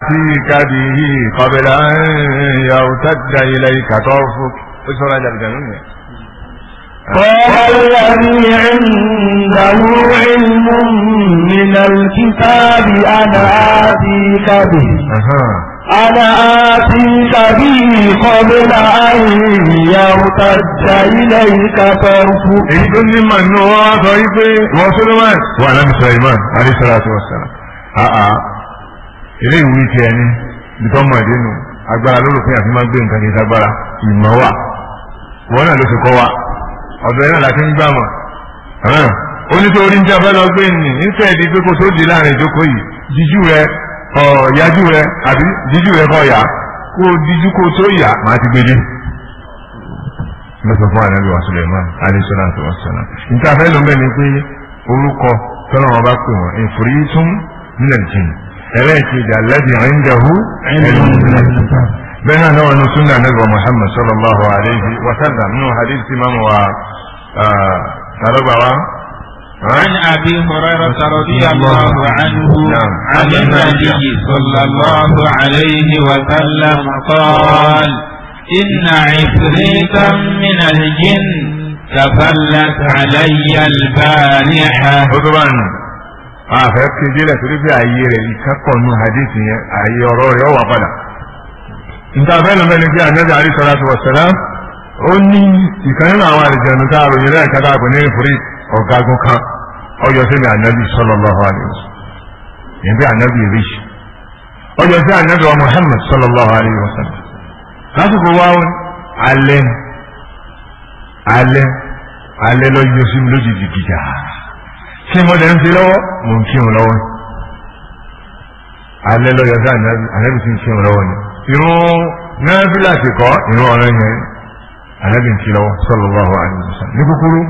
يأتيك به قبل أن يرتد إليك طرفك اسرع الجنون قال الذي عنده علم من الكتاب أنا آتيك به أنا آتيك به قبل أن يرتد إليك طرفك إذن من هو ضعيف وسلمان وعلى سليمان عليه الصلاة والسلام ilé ìwé ti ẹni bìtọ́ mọ̀ ẹ̀dẹ́ nù agbára lólùfẹ́ àfi máa gbé nǹkan kìí sagbára ìmọ̀ wà wọn náà ló ti kọ́ wa ọ̀dọ̀ yẹn náà láti ń gbà mọ̀ onítorí ń jábẹ́ lọ gbé nì nífẹ̀ẹ́ di pé kò tó di láàrin ìjókòó yìí jíjú rẹ ọ̀yájú rẹ àbí jíjú rẹ kọ̀ yá kó díjú kó tó yá màá ti gbélé lọ́sọ̀ fún ànábì wa Suleiman alayisalaam àti wasalam. nta fẹ́ ló ń pé orúkọ tọ́lọ́wọ́n pè wọ́n ìfòrí tún nílẹ̀ jìn ثلاثة الذي عنده بين نوع سنة نبي محمد صلى الله عليه وسلم من حديث تمام و آه، تربع عن ابي هريره رضي الله عنه نعم. عن النبي صلى الله عليه وسلم قال ان عفريتا من الجن تفلت علي البارحه àfẹ́ kejì rẹ̀ torí pé ààyè rẹ̀ ìkẹ́kọ̀ọ́ nu hadith yẹn ààyè ọ̀rọ̀ rẹ̀ ọ̀wà padà. ìtàfẹ́ lọ́mọ ẹni pé ànájà àrí sọ́ra tó wọ̀sẹ̀lá ó ní ìkan nínú àwọn àlìjẹ̀nu tá a ròyìn rẹ̀ kátà àgbò ní ìfúrí ọ̀gágun kan ọjọ́ sí mi ànábì sallallahu alaihi yẹn bí ànábì rí ọjọ́ sí ànábì wa Muhammad sallallahu alaihi wasallam lásìkò wa alẹ́ alẹ́ alẹ́ lọ kí mo lè ń fi lọ́wọ́ mò ń kírun lọ́wọ́ ni alẹ́ lọ́yọ̀ sí ànábì tí ń kírun lọ́wọ́ ni irun náfìlà ti kọ́ irun ọ̀rọ̀ yẹn ànábì ń kí lọ́wọ́ sallallahu alaihi wasallam ní kúkúrú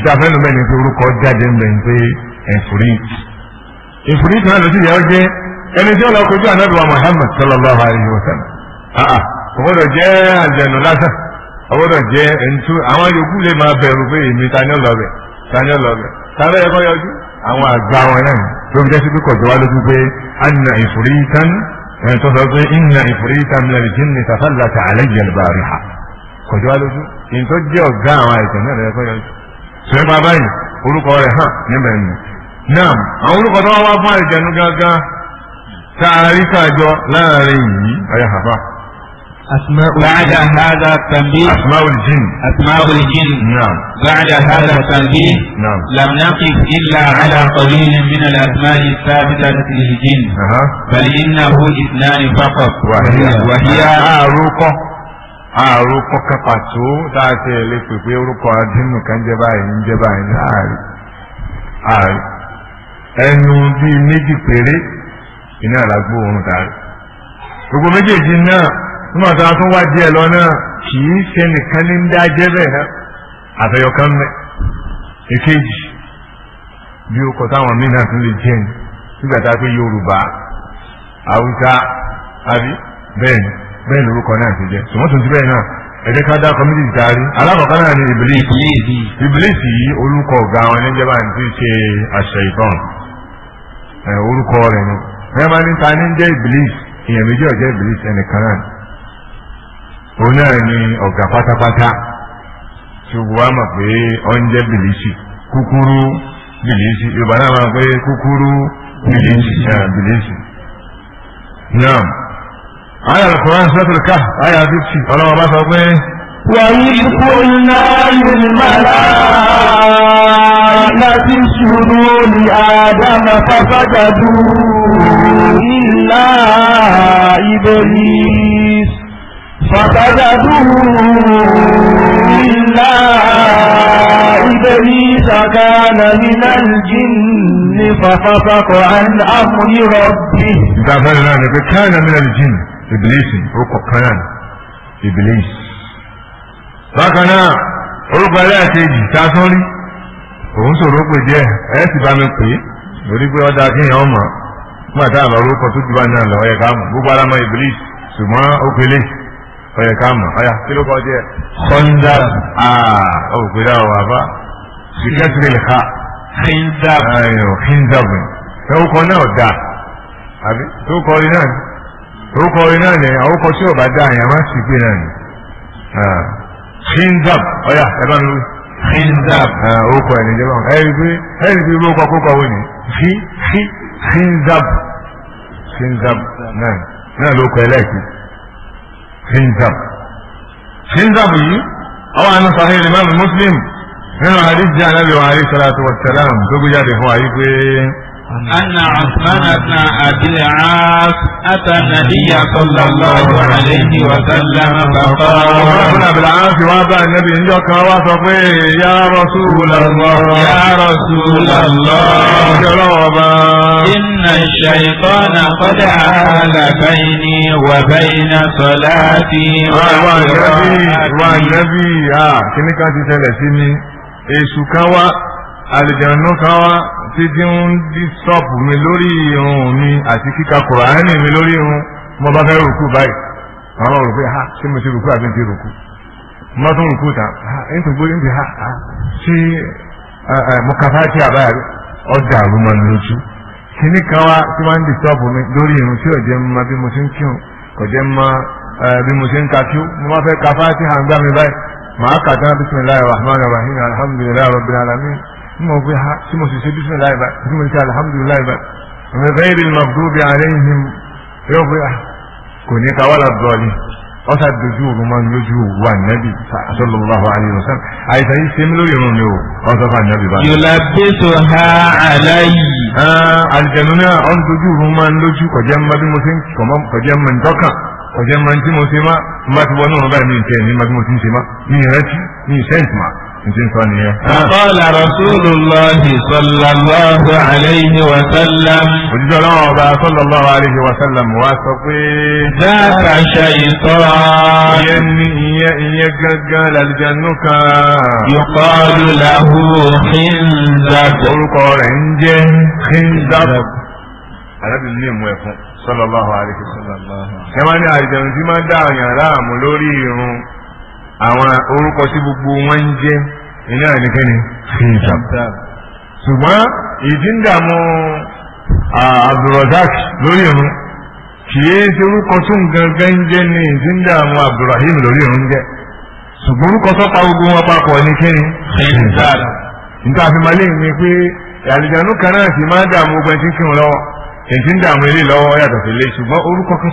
ìtafẹ́nu bẹ́ẹ̀ ni pé orúkọ jáde ń bẹ̀ ń pé ẹ̀fúrít ìfúrít náà lọ sí ìyá ọjẹ́ ẹni tí ó lọ kojú wa Muhammad sallallahu alaihi wasallam ọgbọ́dọ̀ lásán ọgbọ́dọ̀ jẹ́ ẹni àwọn yòókù lè máa bẹ̀rù pé èmi ta ni ọlọ́bẹ̀ ta tàbí ẹ̀kọ́ yọjú àwọn àgbà wọn náà tó fi jẹ́sí pípọ̀ jọ wá lójú pé anna ìfúrítàn ẹni tó sọ pé inna ìfúrítàn min al-jinni tasallata alayya al-bariha kọjọ wá lójú èyí tó jẹ́ ọ̀gá àwọn àìsàn náà ẹ̀kọ́ yọjú. sọ pa báyìí orúkọ rẹ̀ hàn níbẹ̀ ni. náà àwọn orúkọ tó wá wá fún àìjẹnu gángan tá a rí sáàjọ láàrin yìí ọ̀yà àbá أسماء بعد هذا التنبيه أسماء الجن أسماء الجن نعم بعد هذا التنبيه نعم لم نقف إلا على قليل من الأسماء الثابتة للجن أه. بل إنه اثنان فقط وهي وهي أروق àròkọ kan pàtó láti ẹlẹ pèpè orúkọ adínú kan jẹ báyìí ń jẹ báyìí ní ààrẹ ààrẹ ẹnu bíi méjì péré iná làgbó oorun dàrí gbogbo méjèèjì náà nígbà tó a tún wá díẹ̀ lọ náà kì í ṣe nìkan ní ń dá jẹ́ bẹ́ẹ̀ náà àfẹyọkàn mẹ́ èkejì bí o kọ táwọn míì náà tún lè jẹ́ ni nígbà tá a pé Yorùbá Haúsá àbí bẹ́ẹ̀ ni bẹ́ẹ̀ ni orúkọ náà ti jẹ́ sọmọ́tò ti bẹ́ẹ̀ náà ẹ̀jẹ̀ ká dá kọ́mídì darí alákọ̀ọ́kọ́ náà ni Ìbílísì Ìbílísì yìí orúkọ ọ̀gá wọn ní jẹ́bà ní ti ṣe àṣẹ ìtàn orúkọ rẹ̀ ni wọ́n máa ní ta ní jẹ́ Ìbílísì èèyàn méjì ọ̀jẹ́ Ìbílísì ẹnìkan náà òun náà ni ọ̀gá pátápátá ṣùgbọ́n a mọ̀ pé oúnjẹ bìlísì kúkúrú bìlísì yorùbá náà máa pé kúkúrú bìlísì bìlísì. náà ayé al-Qur'an suratul Kahf ayé àdìsí ọlọ́wọ́ bá sọ pé. وإذ قلنا للملائكة اسجدوا لآدم فسجدوا إلا إبليس فسجدوا إلا إبليس كان من الجن ففسق عن أمر ربه دعنا كان من الجن إبليس ركو كان إبليس فكان orúkọ ẹlẹ́ẹ̀kejì tá a tún rí òun sọ̀rọ̀ pé díẹ̀ ẹ sì bá mi pè é lórí pé ọ̀dà kéèyàn ọmọ nígbà tá a lọ orúkọ tó jù bá náà lọ ẹ̀ka gbogbo ara mọ ìbílíṣ ṣùgbọ́n ó pelé ọyẹ ká mọ̀ ọyà kí ló kọ́ jẹ́ Khandar òkúta ah, ọ̀wà bá sìkẹ́tìrì lè ká Khandar Khandar ẹ̀ ó kọ́ náà dà àbí tó kọ́ iná ni tó kọ́ iná ni àwọn kọ́ tí ò bá dá àyàn má sì gbé náà ni ah, Khandar ọyà ẹ bá mi ah, wí. Khandar ó kọ́ ẹ̀ níjẹ́ báwọn ẹ̀ rí pé ẹ̀ rí pé ó hinzam hinzam yìí àwọn àna sahih imam muslim nínú àdìjì ànábì wa alayhi salatu wa salam tó gbé jáde fún wa yìí pé. أن عثمان بن أبي العاص أتى النبي صلى الله عليه وسلم فقال عثمان بن أبي العاص وأبى النبي عندك وصفيه يا رسول الله يا رسول الله إن الشيطان قد عال بيني وبين صلاتي وقراءتي والنبي ها كنك تسلسني إيسو كوا الجنة كوا tí ti ń dísọ́pù mi lórí irun mi àti kíka kùránì mi lórí irun mo bá fẹ́ rùkú báyìí àwọn ọmọ ha ṣé mo ṣe rùkú àbí ti rùkú mo tún rùkú tán ha ẹ̀ tó gbóyè ń bi ha ṣé mo kàfá tí a báyà ọjà àrùn máa ń lójú kìíní kan wá tí wọ́n ń dísọ́pù mi lórí irun tí ò jẹ́ mọ́ bí mo ṣe ń kírun kò jẹ́ bí mo ṣe ń ka kí mo máa fẹ́ kàfá tí à gbá mi báyìí màá kà rabbil alamin mo fi ha tí mo sì ṣe bisimilayi ba tí mo ṣe alihamudulilayi ba ọmọ ìfẹ́ yìí magdubi alayhim yóò fi ha kò ní ká wàlá dọ̀ọ̀lì ọ̀sà dojú òru máa ń lójú òru wa nẹ́bí sallallahu alayhi wa sallam àìsàn yìí sẹ́mi lórí irun mi o ọ̀sà fà nẹ́bí bá. yòlá bẹ́sọ̀ ha aláyì. àlìjẹ̀nu náà ọ̀n dojú òru máa ń lójú kọjá mma bí mo ṣe ń kọjá mma ń tọ́kàn kọjá mma tí mo ṣe má má ti wọnú ọ̀rọ̀ báyìí mi ń tẹ̀ ní má bí mo ti ń ṣe má mi ń rántí mi ń sẹ́ǹtì má. Ntí ń sọ nìyẹn. Àkọ́lá Rasúlù lọ́ọ̀dì sọ̀làlọ́ọ̀dù àlẹ́yìn wàsálàm. Òjijì ọlọ́run ọba sọ̀làlọ́ọ̀dù àlẹ́yìn wàsálàm wá sọ pé. Dáàkà ṣe ìtọ́. Ìyẹn ní ìyẹn ìyẹn gángan làlùjánu kan. Yọ̀kọ́lù làhù Khinzab. Orúkọ rẹ̀ ń jẹ́ Khinzab. Àlábì ní ìmú ẹ̀fún sọ̀làlọ́ọ̀dù àlẹ́yìn wàsálàm. Ṣé wọ́n ní àlùjánu tí máa ń dá àyàn láàmú lórí irun àwọn orúkọ tí gbogbo wọn ń jẹ́ iná ẹnikẹ́ni hijab ṣùgbọ́n ìdí ń lórí irun kì í ṣe orúkọ gangan jẹ́ ní abdulrahim lórí jẹ́ ṣùgbọ́n orúkọ wọn papọ̀ ní hijab fi máa léyìn ni pé àlìjánu kan náà máa dààmú lọ́wọ́ ń dààmú ilé lọ́wọ́ yàtọ̀ sí ilé ṣùgbọ́n orúkọ kan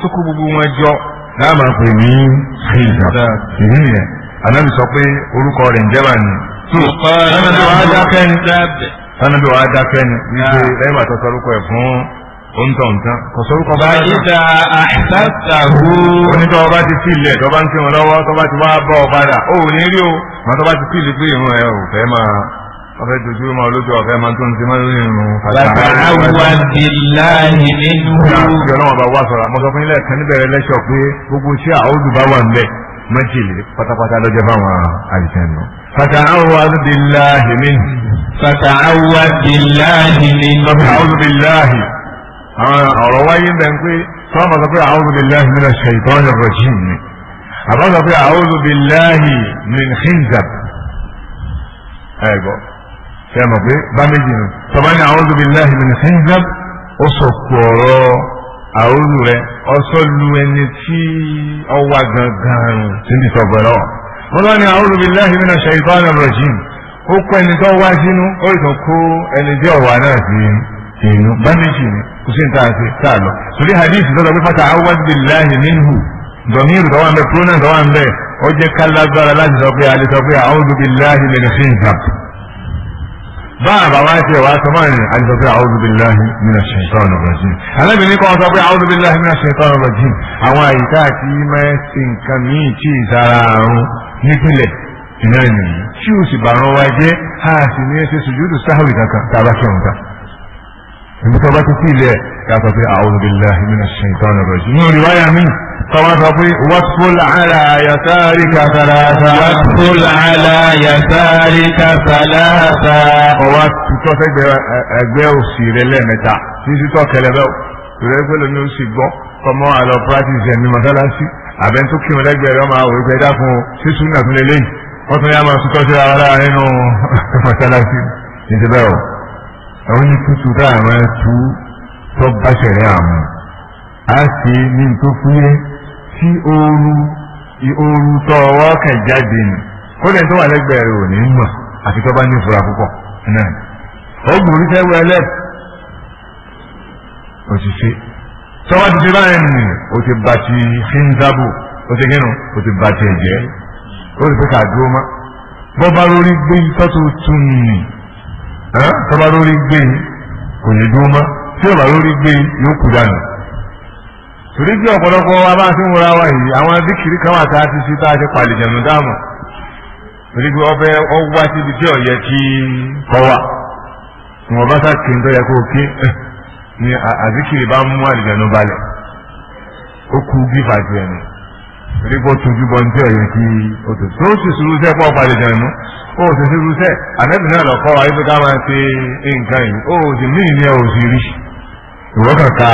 gbogbo wọn sanabi wa dákẹ́ ni wípé lẹ́yìn bàtà sọ́rúkọ ẹ̀ fún oǹtọ̀ǹtàn kò sọ́rúkọ bá yẹ. ìdá àṣàṣàhù. onítọ̀ ọba ti fìlẹ̀ tọ́ba ń kírun lọ́wọ́ tọ́ba ti wá bọ́ ọ padà ó ò ní rí o màá tọ́ba ti fìlẹ̀ pé ìrún ẹ ò fẹ́ máa ọfẹ dojú mọ olójú ọfẹ máa tó ń ti máa ń rìn rún. bàbá àwa bìláyì nínú. ìyá ọlọ́wọ́n bá wá sọ̀rọ̀ àmọ́ sọ fún ilé ẹ̀ka níbẹ̀rẹ̀ lẹ́sọ̀ pé gbogbo iṣẹ́ àódù bá wà ń bẹ̀ májèlé pátápátá lọ́jọ́ fáwọn àìsàn náà. فتعوذ بالله منه فتعوذ بالله منه فتعوذ بالله ọ̀rọ̀ wáyé ń bẹ̀ ń pé sọ́mọ̀ sọ pé أعوذ بالله من الشيطان الرجيم ni àbá sọ pé أعوذ بالله من خنزب ẹ̀gbọ́ ṣe mọ̀ pé bá méjì nù sọ́mọ́ ni أعوذ بالله من خنزب ó sọ̀kù ọ̀rọ̀ àwòrán rẹ ọsọ lu ẹni tí ọ wà gangan síbi sọ̀bọ̀ lọ́wọ́. wọ́n lọ ní a'udhu billahi minash shaitani rrajim ó kó ẹni tó wá sínú ó sì tún kó ẹni tí ọ̀wà náà sí inú bámẹ́jì ni kò sí nǹkan àti tá a lọ. torí hadith tó sọ fata awad minhu dọ̀míìrù tó wà ń bẹ pronoun tó wà ń bẹ ó jẹ́ kálágbára láti sọ pé àlè sọ pé a'udhu billahi minash shaitani báà bàbá ṣe wá sọ máa rìn àjọ pé a'udhu billahi minash shaitanir rajim alábìnrin kan sọ pé a'udhu billahi minash shaitanir rajim àwọn àyíká àti mẹ́sì nǹkan míì tí ìsara àrùn nípìnlẹ̀ ìnáyìí tí ò sì bàrún wa jẹ́ a ní ẹsẹ̀ sùjúdù sáhùrì kankan tá a ibi tó bá ti sí ilẹ̀ ká sọ pé a'udhu billahi minash shaitanir rajim. nínú ìwáyà mi tọ́wọ́ sọ ala yasarika salasa. wasful ala yasarika salasa. ọwọ́ tutọ́ sẹ́gbẹ́ ẹgbẹ́ òsì rẹ lẹ́ẹ̀mẹ́ta títí tọ́ kẹlẹ́bẹ́ òtúrẹ́ pẹ́lú ní oṣù gbọ́ kọ́mọ́ àlọ́ practice ẹ̀mí dákun sísun náà tún lélẹ́yìn tún yá máa tutọ́ sí ara rẹ̀ nínú mọ́sálásí nítorí bẹ́ẹ̀ o àwọn ní tútù tá a máa tú tó bá ṣẹ̀rẹ̀ àmú a ṣe ní tó fúyẹ́ tí ooru ooru tó ọwọ́ kẹ̀ jáde nù kódà tó wà lẹ́gbẹ̀ẹ́ rẹ̀ ò ní mọ̀ àti tó bá ní ìfura púpọ̀ náà ọgbọ̀n orí fẹ́ wọ ẹlẹ́ẹ̀ òṣìṣẹ́ ti ṣe báyìí nì o ti bá ti ṣínzábù o ti gẹ́nu o ti bá ti ẹ̀jẹ̀ o ti fi kà dúró mọ́ bọ́ bá lórí gbé tọ́tù tún nì. tọ́ba lórí gbé kò ní tí ọ̀bà lórí gbé yóò kú dànù. torí bí ọ̀pọ̀lọpọ̀ wa bá ti yìí àwọn adíkiri tá a ti ṣe tá a ṣe pàlìjànù dáàmú torí pé ọbẹ̀ ọwọ́ síbi tí ọ̀yẹ́ kí kọ́ wà eh, ni bá mú torí kó tójú bọ́ njẹ́ ẹ̀yẹ kí o tó tó sì sùúrù sẹ́ pọ̀ balẹ̀ jẹ̀ mú o sì sùúrù sẹ́ ànábì náà lọ́kọ́ wa ibi ká máa ṣe nǹkan yìí o sì mí ìní ẹ̀ o sì rí ìwọ́kàkà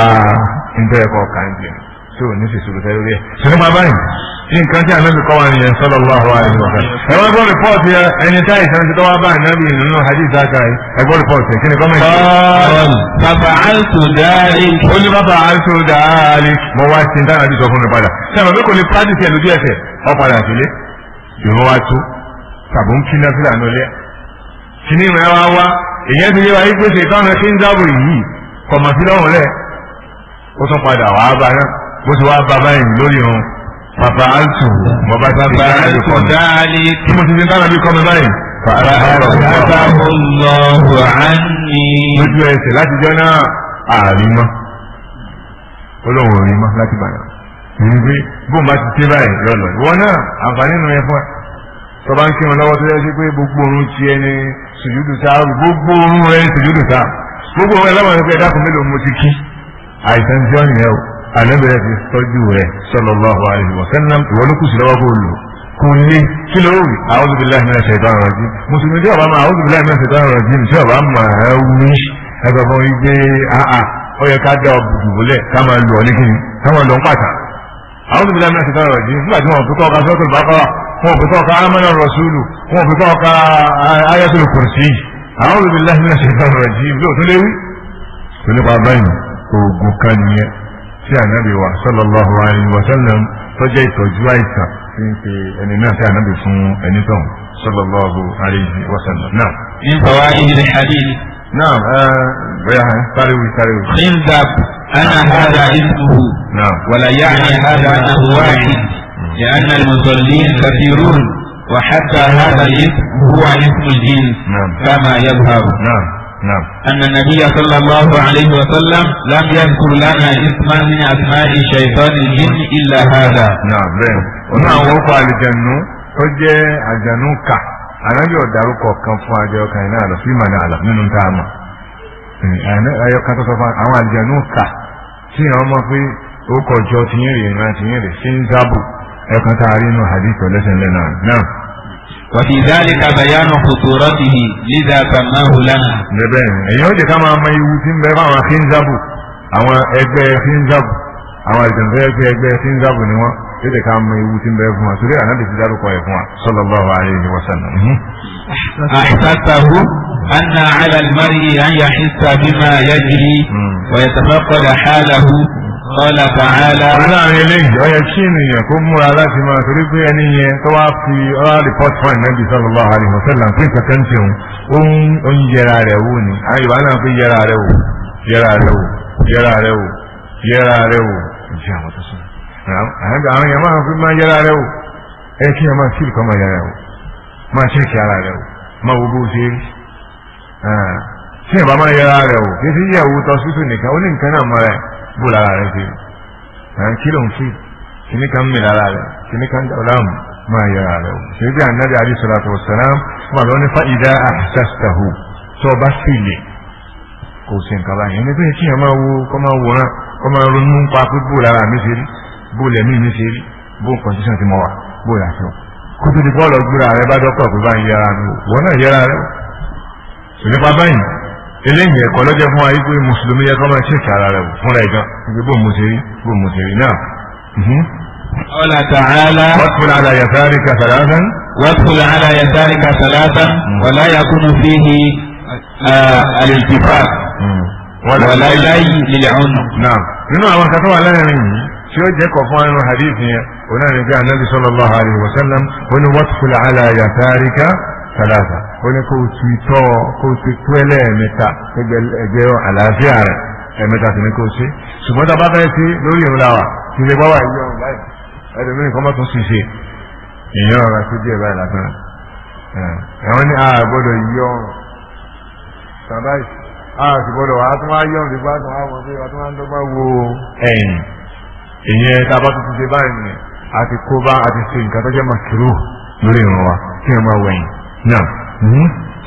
ń tẹ́ ẹ̀kọ́ kàn jẹ́ tí ò ní sì sùrù tẹ́lẹ̀ rí ẹ̀. ṣùgbọ́n máa báyìí ní nǹkan tí ànábì kọ́ wa ní yẹn sọ́dọ̀ lọ́wọ́ àwọn àìsàn ọ̀sán. ẹ wá gbọ́ rìpọ́ọ̀tì ẹni táyì sẹ́ni tí tọ́wọ́ bá ànábì nínú hadith àkàrà yìí ẹ gbọ́ rìpọ́ọ̀tì kí ni kọ́mẹ̀ntì. bàbá àìsàn dáàlì. ó ní bàbá àìsàn dáàlì mo wá sí dáná àbí sọ fún mi padà. sẹ́wọ̀n bí kò ní pàdísì ẹ̀ lójú ẹsẹ̀ ọ bó ti wá bá báyìí lórí irun pàpà àìsù bàbá sábà dáàlì kọ́ mi mo ti ti dáná bí kọ́ mi báyìí. Fàrà àbọ̀lọ́hùn àní. Lójú ẹsẹ̀ láti jẹ́ náà ààrin Olóhùn òrin láti bàyà. Èyí pé bóun bá ti ṣe báyìí lọ́nà. Ìwọ náà àǹfààní nù yẹn fún ń kírun lọ́wọ́ tó yẹ sí pé gbogbo orun ti ẹni sùjúdù sáà gbogbo orun rẹ̀ sùjúdù sáà. Gbogbo orun ẹ̀ lọ́wọ́ ẹ̀ dákun mélòó mo ti kí. Àìsàn ti nìyẹn o ànábẹ̀rẹ̀ ti tọ́jú rẹ̀ sallallahu alaihi wa sallam ìwọ ló kù sí lọ́wọ́ kó lò kò lé kí ló wù a'udhu billahi minash shaitanir rajim mùsùlùmí tí ọba máa a'udhu billahi minash shaitanir rajim tí ọba máa wí ẹgbẹ́ fún mi gbé àà ó yẹ ká dá ọbùdù wọlé ká máa lù ọ ní kíni ká máa lù ọ ń pàtà a'udhu billahi minash shaitanir rajim nígbà tí wọn fi kọ́ ọ̀ka الله عليه وسلم فجيت وجويت يعني نعم من فوائد الحديث نعم آه أنا هذا اسمه نعم ولا يعني هذا أنه واحد لأن المصلين كثيرون وحتى هذا الاسم هو اسم الجنس نعم. كما يظهر نعم نعم أن النبي صلى الله عليه وسلم لم يذكر لنا اسما من أسماء شيطان الجن إلا هذا نعم بين وما وقع لجنو فجأ الجنوكا anabi ọ̀dàrú kọ̀ọ̀kan fún ajẹ́ ọkàn iná àlọ́ fíìmà ní àlọ́ nínú tá a mọ̀ ayọ́kan tó sọ fún àwọn àlùjànnú kà tí àwọn ọmọ pé ó kọjọ tìyẹ̀rì ìran tìyẹ̀rì sí ń dábò ẹ̀kan tá a rí inú hadith ọ̀lẹ́sẹ̀ lẹ́nu náà wàfi ìdálẹ́ka bayanu khuturatihi lídà sàmáhù lánàá. bẹ́ẹ̀ ẹ̀yin ó jẹ́ ká máa mọ ewu tí ń bẹ fáwọn fínzàbù àwọn ẹgbẹ́ fínzàbù àwọn àjẹ̀ǹfẹ́ ẹgbẹ́ ẹgbẹ́ fínzàbù ni wọ́n ó jẹ́ ká mọ ewu tí ń bẹ fún wa sórí àná tètè dárúkọ ẹ̀ fún wa sallallahu alayhi wa sallam. àìsàtàhù anna ala al-mar'i an yahissa bima yajri hmm. wa yatafaqada halahu. Kọ́lá tààlà. Láàrin eléyìí, ó yẹ kí ènìyàn kó múra láti máa torí pé ẹni yẹn tó wá fi ọ́rá rìpọ́t fún ìnábì sallallahu alaihi wasallam pé nǹkan kan tiwọn, ó ń yẹra rẹ̀ wò ni. Àwọn Yorùbá náà fi yẹra rẹ̀ wò, yẹra rẹ̀ wò, yẹra rẹ̀ wò, yẹra rẹ̀ wò. Ǹjẹ́ àwọn tó sùn? Àwọn èèyàn máa fi máa yẹra rẹ̀ wò. Ẹ kí ẹ máa fíìlì kan máa yẹra wò. Máa ṣẹ́ẹ̀kì ara rẹ̀ wò. Máa wo bó ṣe rí ah. tí yẹra rẹ̀ wò kí sí yẹ̀wò tọ́sítù bó lára rẹ ṣe ẹ̀ kí ló ń fi kìnnì kan mi lára rẹ kìnnì kan dà láàmú máa yẹra rẹ o ṣe bí anabi ali salatu wa salam wà lọ ní fa'ida ahsastahu tó o bá sì lè kò sí nǹkan báyìí ẹni pé kí ẹ máa wo kọ́ máa wòran kọ́ máa ronú pa pé bó lára mi ṣe rí bó lẹ́mí mi ṣe rí bó kọ̀ǹtíṣàn ti mọ̀ wá bó yà ṣe o kó bọ́ọ̀lù ọgbúra rẹ bá dọ́kọ̀ pé bá yẹra rẹ wọ́n náà yẹra rẹ o ṣèlépa báyìí eléyìí ẹ̀kọ́ lọ́jọ́ fún wa yìí pé mùsùlùmí yẹ kọ́ máa ṣe ìkàrà rẹ̀ fúnra ẹ̀gán pé bó mo rí bó mo ṣe rí náà. قال تعالى وادخل على يسارك ثلاثا وادخل على يسارك ثلاثا ولا يكون فيه الالتفات ولا لي للعنق نعم nínú àwọn kan tó wà lẹ́yìn yìí tí ó jẹ́ kọ̀ fún ẹnu hadith yẹn onáà ní bí anabi sallallahu ثلاثة هنا كوتي تو كوتي تويلة متى تجل جيو على زيارة متى تنكوسي ثم تبقى في لوري ملاوة تيجي بابا يوم بعد هذا من كم تنسي ìyọ́ ọ̀rọ̀ tó díẹ̀ báyìí látọ̀ ẹ̀wọ́n ní àgbọ́dọ̀ yọ bàbá àgbọ́dọ̀ wà á tún wá yọ̀ nígbà tó wà wọ́n pé wà tó wà ń dọ́gba wo ẹ̀yìn ìyẹn tá a bá tuntun ṣe báyìí nìyẹn àti kó bá àti ṣe nǹkan tó jẹ́ màkìrò lórí ìrún wa kí ẹ máa wẹ̀yìn نعم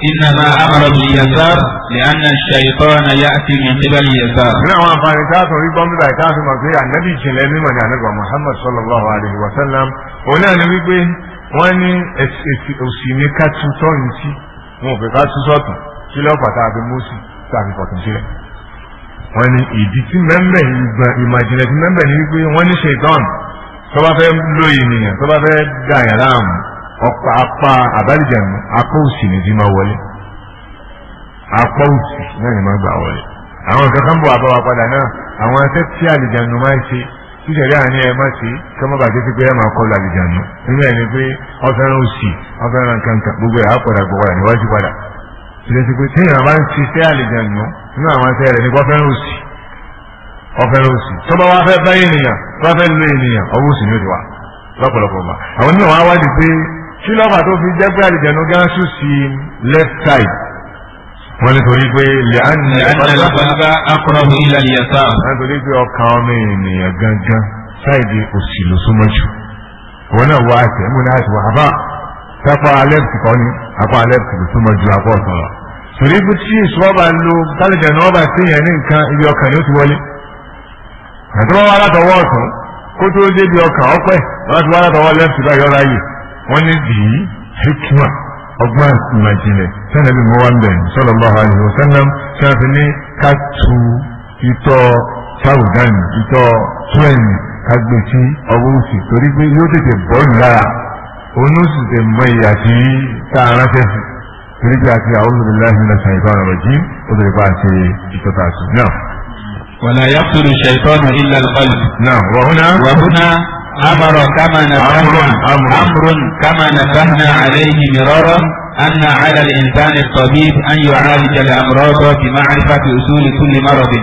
إنما أمر باليسار لأن الشيطان يأتي من قبل اليسار. نعم أنا فاهم كاتو ريبون بلا كاتو ما في النبي جل من يعني محمد صلى الله عليه وسلم هنا نبي بيه وأني أسيني كاتو تونسي wọn ò fẹ́ ká tú sọ́tún kí ló fà tá a fi mú sí tá a fi fọ̀tún sílẹ̀. wọ́n ní ìdí tí mẹ́mbẹ̀ ìgbà ọ̀pá apá àbálìjànú apá òsì ni dín máa wọlé apá òsì náà ni máa gbà wọlé àwọn nǹkan kan bọ̀ wá bá wa padà náà àwọn ẹsẹ̀ tí àlìjànú máa ṣe tíṣẹ̀rí àní ẹ má ṣe kí wọ́n bàjẹ́ sí pé ẹ máa kọ́ lu àlìjànú nínú ẹ̀ ni pé ọ̀fẹ́ràn òsì ọ̀fẹ́ràn kankan gbogbo ẹ̀ á padà gbọ̀ níwájú padà tìrẹsì pé tíyàn bá ń ṣiṣẹ́ àlìjànú nínú àwọn ẹsẹ̀ rẹ̀ ni ọ̀fẹ́ràn òsì ọ̀fẹ́ràn òsì tó bá wá fẹ́ bá ènìyàn bá fẹ́ lo ènìyàn ọwọ́ òsì ni ó ti wà lọ́pọ̀lọpọ̀ kí lọ́ba tó fi jẹ́ pé àlìjẹ̀nu gánṣu sí left side wọ́n ní torí pé lẹ́hánì ọ̀pọ̀lọpọ̀ akọ̀rọ̀hún ilẹ̀ yẹta. wọ́n torí pé ọkàn ọmọ ènìyàn gangan sáìdì òsì ló súnmọ́ náà wọ àtẹ mú náà ti wọ àbá sápá left kọ́ ni apá left ló súnmọ́ jù apá ọ̀tún lọ. torí pé tí èso ọba lo tálẹ̀jẹ̀nu ọba síyẹn ní nǹkan ibi ọkàn ni ó ti wọlé. àti wọ́n wá látọwọ́ ọ̀tún kó tó débi ọkàn ọpẹ́ wọ́n ti wá látọwọ́ left báyọ̀ ráyè wọ́n ní bí hikima ọgbọ́n ìmàjìnlẹ̀ sẹ́nẹ̀bí mọ́wánbẹ̀ sallallahu alaihi wasallam tí wọ́n fi ní ká tu itọ́ sáwùdánì itọ́ túwẹ̀nì ká gbé sí ọwọ́ òsì torí pé yóò tètè bọ́ lára òun ó sì tẹ̀ mọ ìyà tí tá a sí torí pé àti àwọn olùdíláhi ní ọ̀sán ìbára rẹ̀ jí ó lè bá ṣe ìtọ́ta sí náà. náà wà أمر كما نفهنا أمر كما نفهنا عليه مرارا أن على الإنسان الطبيب أن يعالج الأمراض بمعرفة أصول كل مرض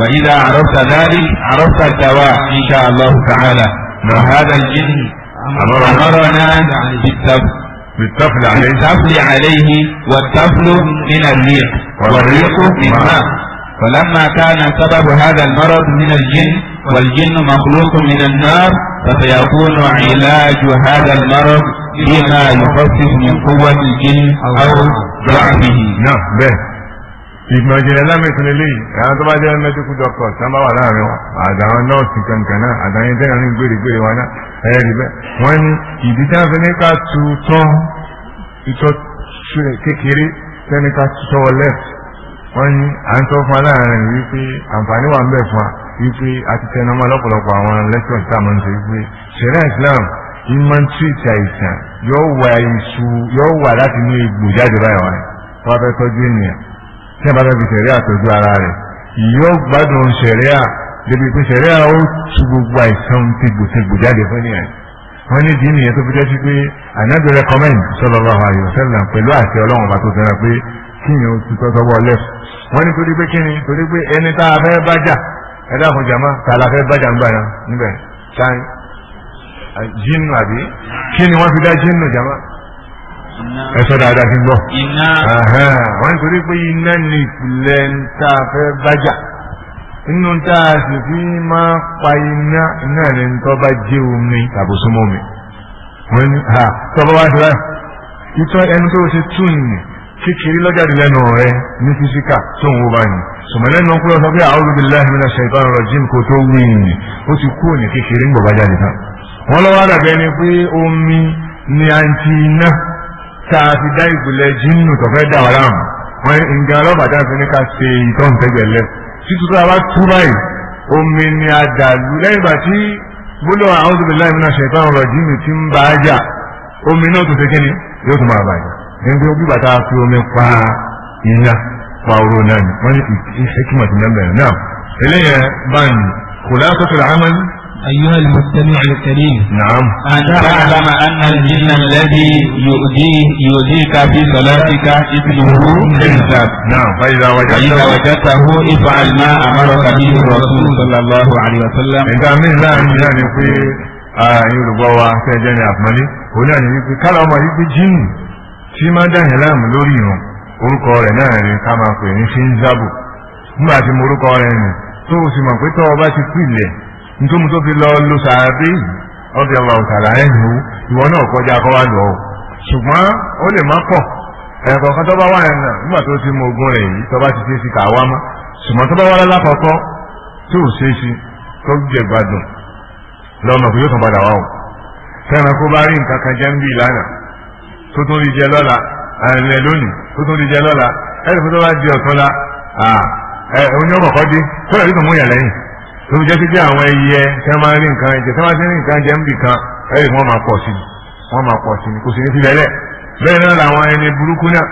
وإذا عرفت ذلك عرفت الدواء إن شاء الله تعالى وهذا الجن أمرنا بالتفل بالتفل عليه بالتفل عليه والتفل من الريق والريق من الماء فلما كان سبب هذا المرض من الجن والجن مخلوق من النار فسيكون علاج هذا المرض بما يخفف من قوة الجن أو ضعفه نعم بس ìgbọ̀n ìjìnlẹ̀ lámẹ́sìn lélẹ́yìí àwọn tó bá jẹ́ medical doctor tán bá wà láàrin wa àtàwọn nọ́ọ̀sì kankan náà àtàwọn ẹ̀jẹ̀ rìn gbèrègbèrè wa náà ẹ̀yẹ́ rí bẹ́ẹ̀ wọ́n ní ìdí tí wọ́n fi ní ká tu tọ́ ìtọ́ kékeré tẹ́ni ká tu tọ́ left wọ́n ní à ń sọ fún wa wípé àǹfààní wà ń bẹ fún wa wípé àti tẹnumọ́ lọ́pọ̀lọpọ̀ àwọn lẹ́tọ̀ọ̀tì tá a máa ń sọ wípé ṣẹ̀rẹ́ Islam human treat àìsàn yóò wà èso yóò wà láti inú egbò jáde báyìí wáyé wọ́n fẹ́ tọ́jú ènìyàn tí a bá fẹ́ fi ṣẹ̀rẹ́ àtọ́jú ara rẹ̀ yóò gbádùn ṣẹ̀rẹ́ à débi pé ṣẹ̀rẹ́ à ó tu gbogbo àìsàn tegbòtegbò jáde fún ènìyàn wọ́n ní ìdí nìyẹn tó fi jẹ́sí pé ànábì recommend sallallahu alaihi wasallam pẹ̀lú àṣẹ ọlọ́run ọba tó fẹ́ràn pé kíyàn ó ti tọ́tọ́wọ́ lẹ́fù wọ́n ní torí pé kíni torí pé ẹni tá a fẹ́ bá jà ẹ dákun jama tààlà fẹ́ bàjá ń gbà yẹn níbẹ̀ sáyẹn jinnu àbí kí ni wọ́n fi dá jinnu jama ẹ sọ dáadáa kí n gbọ́. wọ́n nítorí pé iná ní ìpìlẹ̀ ń tá a fẹ́ bàjá inú tá a sì fi máa pa iná iná ní tó bá jẹ́ omi tàbí súnmọ́ mi. wọ́n ní tọ́ba wá sí báyìí ìtọ́ ẹni tó ṣe tún ni kékeré lọ́jáde lẹ́nu rẹ ní fisika tó ń wo báyìí sọmọlẹ́ nù kúrò sọ pé a'udhu billahi minash shaitanir rajim kò tó wíìnì ó ti kú òní kékeré ń gbọ̀bá jáde tán. wọ́n lọ́wọ́ dàbẹ́ ni pé omi ni àǹtí iná tá a fi dá ìgbìlẹ̀ jínù tó fẹ́ dà wá láàmú wọ́n ní nga ọlọ́bàdàn fi ní ká ṣe ìtọ́ǹtẹ́gbẹ̀lẹ́ títú tá bá tú báyìí nígbà bí bàtà fi omi pa iná pa oró náà ni wọ́n ní ìṣèkìmọ̀ ti náà bẹ̀rẹ̀ náà eléyẹ báyìí kò lásọ̀tò làámọ́ ni. أيها المستمع الكريم نعم أن تعلم أن الجن الذي يؤذيه يؤذيك في صلاتك اسمه الإنسان نعم فإذا وجدته فإذا وجدته افعل ما أمرك به الرسول صلى الله عليه وسلم إذا من لا يعني في ààrin olùgbọ́ wa fẹ́ jẹ́ ní àpọ́nlé òun náà ní wípé kálá ọmọ yìí pé jíìnì tí máa dàyàn láàmú lórí ìrùn orúkọ rẹ̀ náà rí ká máa pè ní ṣínzábù nígbà tí mo orúkọ rẹ̀ rìn tó o sì mọ̀ pé tọ́ ọba ti kú ilẹ̀ nítorí tó fi lọ lo sàárè ọ̀dẹ̀ ọba òtàlà ẹ̀yìn o ìwọ náà kọjá kọ́ wá lọ o ṣùgbọ́n ó lè má pọ̀ ẹ̀kọ́ kan tó bá wà yẹn náà nígbà tó ti mọ ogun rẹ̀ yìí tó bá ti ṣe é sí kà wá mọ́ ṣùgbọ́n tó bá wà lálákọ̀ọ́kọ́ tí ò ṣe é sí tó jẹ gbádùn lọ́mọ kò yóò tán padà wá o fẹ́ràn kó bá rí nǹkan kan jẹ́ ń bí ìlànà tó tún rí jẹ lọ́la ẹ̀rẹ̀ lónìí tó tún rí jẹ lọ́la ẹ̀rẹ̀ tó tó bá di ọ̀tún la oníyọ̀kọ̀kọ́ dé tó rẹ̀ tó mú yàn lẹ́yìn tó fi jẹ́ sí pé àwọn ẹyẹ tẹ́ máa rí nǹkan jẹ tẹ́ máa ti rí nǹkan jẹ ń bì kan ẹ̀rẹ̀ wọ́n máa pọ̀ sí ni wọ́n máa pọ̀ sí ni kò sì ní fi lẹ́lẹ̀ bẹ́ẹ̀ náà làwọn ẹni burúkú náà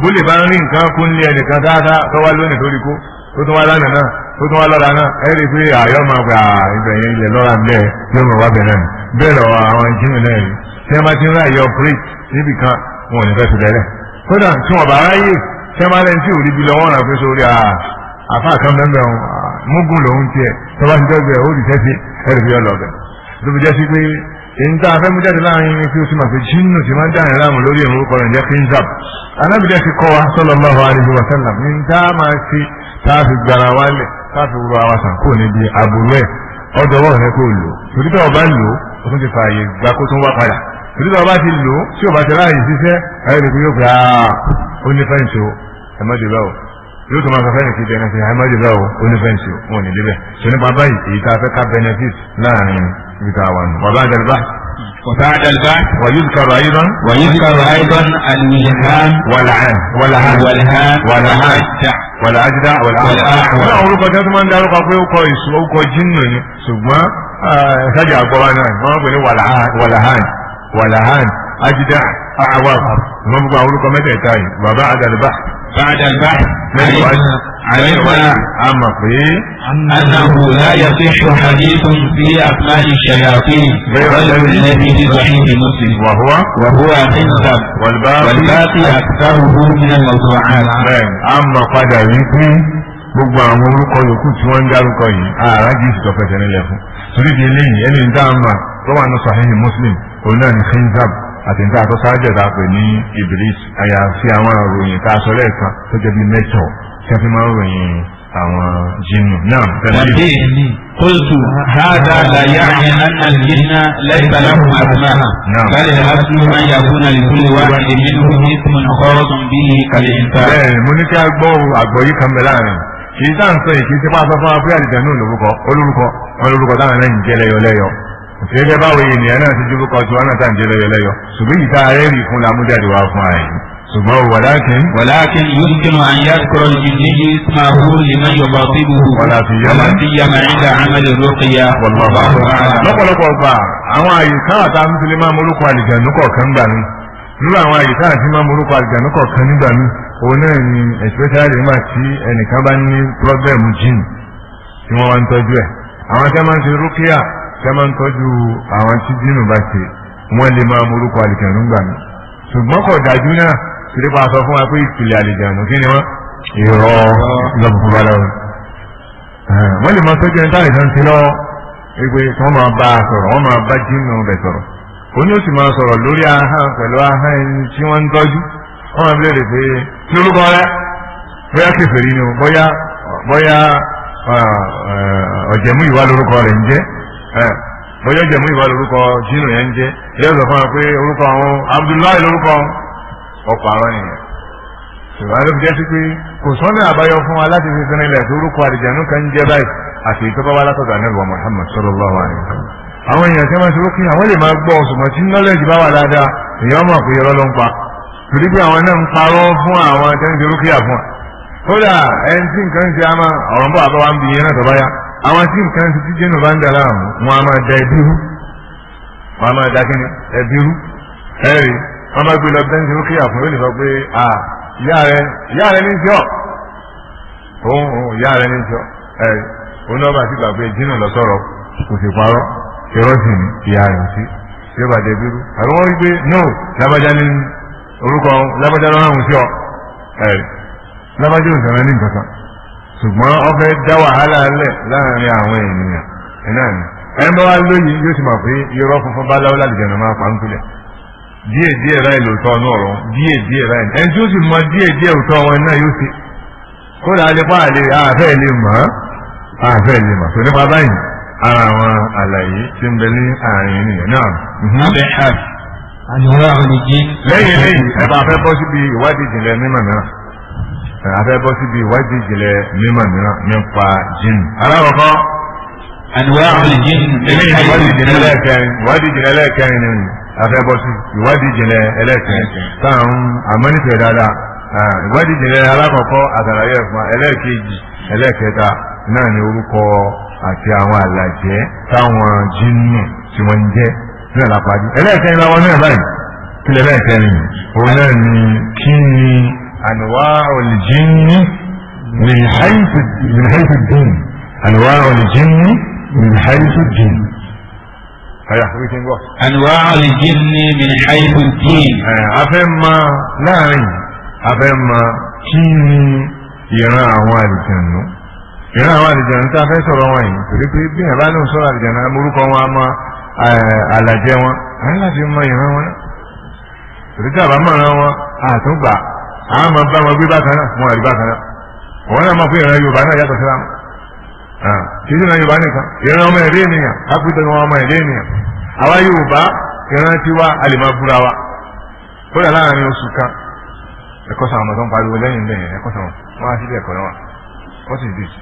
bó lè bá ń rí nǹkan kó nílé ẹnìkan dáadáa tó wá lónìí tó rí kó tó tún wá lánàá náà tó tún wá lọ́la náà ẹ̀rẹ̀ pé àyọ̀ máa gbà ìbẹ̀yẹn ilẹ̀ lọ́ra ń bẹ́ẹ̀ yóò máa wá bẹ̀ náà bẹ́ẹ̀ lọ àwọn ìjínu náà rí tẹ́ máa ti ń ráyọ̀ prate níbì kan wọn ò ní fẹ́ fìdẹ́lẹ̀ kódà tí wọn bá ráyè sẹ́málẹ̀ tí ò rí bi lọ́wọ́ náà pé sórí àfa kan bẹ́ẹ̀ mugun lòun tiẹ̀ tó bá ti dọ́gba ẹ̀ ó rí sẹ́sì ẹ̀rù fi ọlọ bẹ̀ ló fi jẹ́ sí pé èyí tá a fẹ́ mú jáde láàrin ni pé o ti máa fi jínú ti máa ń dáhìn láàmú lórí ìrìn orúkọ rẹ̀ jẹ́ kínzab anábìdẹ́ ti kọ́ wa sallallahu alaihi wa sallam ní tá a máa fi tá a fi gbara wálẹ̀ tá a fi wúra wa sàn kó níbi àbúrò ẹ̀ ọdọwọ́ rẹ̀ kò lò torí pé ọba lò ó tún ti fààyè gbà kó tún wá padà torí tí ọba ti lò ó tí ọba ti ráàyè ṣiṣẹ́ ayé ni kò yóò gbà á ah, ó ní fẹ́ǹsì o ẹ má dé báwo yóò tó máa sọ fẹ́ǹsì kí bẹ́ẹ̀ ah, ẹ má dé báwo ó ní fẹ́ǹsì o wọn ò ní débẹ̀ sọ nípa báyìí èyí tá a fẹ́ ká benefit láàrin ibi tá a wà nù wàbá àdàlùbá. وبعد البعث ويذكر أيضا ويذكر أيضا الميهام والعان والعان والهان والعان والعجدة والعان لا أقول قد أتمنى أن أقول كويس أو كويس جنني ثم سجع قوانا ما أقول والعان والعان walahan ajida awaf wọn gbogbo àwọn olùkọ́ mẹ́tẹ̀ẹ̀ta yìí bàbá àdàlùbá. bàdà bá àlẹ́ wa a mọ̀ pé. anahu láyà fi ṣùhàdí tún bí àpá ìṣẹ̀yàfẹ́ rẹ̀ lẹ́bi ní sọ́hìn mùsùlùm. wàhùwà. wàhùwà àtẹnudà. wàlbá ti àtàwùhù ní ọ̀sán àlá. bẹ́ẹ̀ a mọ̀ padà wípé gbogbo àwọn orúkọ yòókù tí wọ́n ń dárúkọ yìí àrà kìí sì tọpẹtẹ nílẹ̀ fún torí di eléyìí ẹni tá a mọ̀ tó wà ní sahihi muslim òun náà ní khinzab àti nta àtọ́ sáájẹ̀ tá a pè ní ibris àyàfi àwọn àròyìn tá a sọ lẹ́ẹ̀kan tó jẹ́ bí mẹ́tọ̀ tí a fi máa ń ròyìn àwọn jinnu náà. wàbí qultu hada la yaani anna al-jinna laysa lahum asmaa bal al-asmu an yakuna li kulli wahidin minhum ismun khasun bihi kal-insan. bẹ́ẹ̀ mo ní kí a gbọ́ àgbọ̀yí kan bẹ láàrin kì í sáà ń sọ yìí kì í ṣe pàṣẹ fún wa pé àdìdàn náà lórúkọ olórúkọ wọn lórúkọ táwọn ẹlẹ́yìn jẹ́ lẹ́yọ lẹ́yọ gẹ́gẹ́ báwo ènìyàn náà ti dúró kọjú wọn náà tà ń jẹ lẹ́yọlẹ́yọ ṣùgbọ́n ìta ààrẹ rí fún lamújáde wá fún ààyè ṣùgbọ́n wàlákin. wàlákin yóò kí wọn àyà kúrò jíjí ní máa hú lèmọ yọba bíbu. wàlá ti yá máa ti yá máa ń da amẹ́lẹ̀ lókèyà. lọ́pọ̀lọpọ̀ gbà àwọn àyè káà tá a ń tilé máa morúkọ àlìjànú kọ̀ọ̀kan gbà mí nínú àwọn àyè káà tí máa morúkọ àlìjànú kọ̀ọ̀kan nígbà mí òun náà ni especially nígbà tí ẹnìkan bá ní problem gene tí wọ́n wá ń tọ́jú ẹ̀ àwọn tí wọ́n máa ń ṣe rúkìá máa ń tọ́jú àwọn tí dínú bá le ma lè máa morúkọ àlìkànnù gbà mí ṣùgbọ́n kò dájú sọ wa ni wọ́n irọ lọ́bùkún bá lọ́wọ́ wọ́n le ma tọ́jú ẹni táwọn ìdán ti lọ́wọ́ wípé wọ́n máa bá a sọ̀rọ̀ wọ́n máa bá jínú bẹ̀ sọ̀rọ̀ ó ní sì máa sọ̀rọ̀ lórí ahán pẹ̀lú ahán ẹni tí ń máa pé kí rẹ bóyá ni bóyá bóyá ah, eh, ìwà lórúkọ bóyá jẹ̀mú ìwà lórúkọ jínú yẹn ń jẹ́ ilé ọ̀sán fún wa pé orúkọ àwọn Abdullahi lórúkọ ọ̀pọ̀ àrọ́ nìyẹn ṣùgbọ́n ló fi jẹ́ sí pé kò sọ́nà àbáyọ fún wa láti fi sinmi ilẹ̀ tó orúkọ àdìjẹ́nu kan ń jẹ́ báyìí àti ìtọ́ba wa látọ̀dọ̀ àníbọ̀ Muhammad sallallahu alaihi wasallam àwọn èèyàn tí wọ́n ti rókè àwọn lè máa gbọ́ ṣùgbọ́n tí knowledge bá wà dáadáa èèyàn mọ̀ pé irọ́ ló ń pa torí pé àwọn náà ń parọ́ fún àwọn tẹ́ńtì rókè àfún wa kódà ẹni àwọn tí nǹkan ti jíjẹ́ nù bá ń dara àwọn wọn a máa da ẹbí rú wọn a máa da kíni ẹbí rú ẹ̀rí wọn máa gbé lọ bẹ́ńsì rúkìá fún yóò lè sọ pé à ìyá rẹ ìyá rẹ ní í sọ òun òun ìyá rẹ ní í sọ ẹ̀rí òun náà bá ti gbàgbé jìnnà lọ sọ̀rọ̀ kò sì parọ́ irọ́ sì ní ìyá rẹ sí yóò bá da ẹbí rú àbí wọ́n rí pé no lábájá ní orúkọ lábájá lọ́rùn sí ọ ẹ̀rí lábájá ò ṣùgbọ́n ó fẹ́ dá wàhálà lẹ̀ láàrin àwọn ènìyàn ẹ̀nà ni ẹni bá wá lóyè yóò ti mọ̀ pé irọ́ funfun bá láwọ́ láti jẹ̀nà máa pa ń kulẹ̀ díẹ̀ díẹ̀ ráì lòótọ́ ọ̀nà ọ̀rọ̀ díẹ̀ díẹ̀ ráì ẹni tí ó sì mọ díẹ̀ díẹ̀ òótọ́ wọn náà yóò ṣe kódà alẹ́pá àlè àfẹ́ lè mọ̀ àfẹ́ lè mọ̀ tó nípa báyìí ara àwọn àlàyé tí ń bẹ ní àárín ènìyàn náà. abẹ́ àti àyọ̀rọ̀ àwọn ìjì. lẹ́yìn lẹ́yìn ẹ bá fẹ́ bọ́ síbi ìwádìí ìjìnlẹ̀ mímọ̀ náà. afẹ́bọ́ síbi ìwádìí ìjìnlẹ̀ mímọ̀ mìíràn nípa jíìnì. alákọ̀ọ́kọ́ ìwádìí ìjìnlẹ̀ ẹlẹ́ẹ̀kẹrin ìwádìí ìjìnlẹ̀ ẹlẹ́ẹ̀kẹrin ni afẹ́bọ́ sí ìwádìí ìjìnlẹ̀ ẹlẹ́ẹ̀kẹrin táwọn amọ́nìfẹ́ dáadáa ni àwọn táwọn tí أنواع الجن من حيث من حيث الدين أنواع الجن من حيث الدين أنواع الجن من حيث الدين أفهم لا ري أفهم كيني يرى أوال الجنة يرى أوال الجنة تفهم سرواين تريد بيها بعد سورة الجنة مركوا وما على جوا هل في ما يرى وانا تريد أبا ما روا أتوبا a máa bá wọn gbé bákan náà wọn àrí bákan náà wọn náà máa fún ìran Yorùbá náà yàtọ̀ síra wọn kì í sì ìran Yorùbá nìkan ìran ọmọ ẹ̀dẹ́ ènìyàn ápùtẹ́ ni wọn ọmọ ẹ̀dẹ́ ènìyàn àwa Yorùbá ìran tiwa a lè máa búra wa kódà láàrin oṣù kan ẹ̀kọ́ sàwọn ọmọ tó ń pariwo lẹ́yìn lẹ́yìn ẹ̀kọ́ sàwọn wọn á sílẹ̀ ẹ̀kọ́ náà wọ́n sì dì ṣé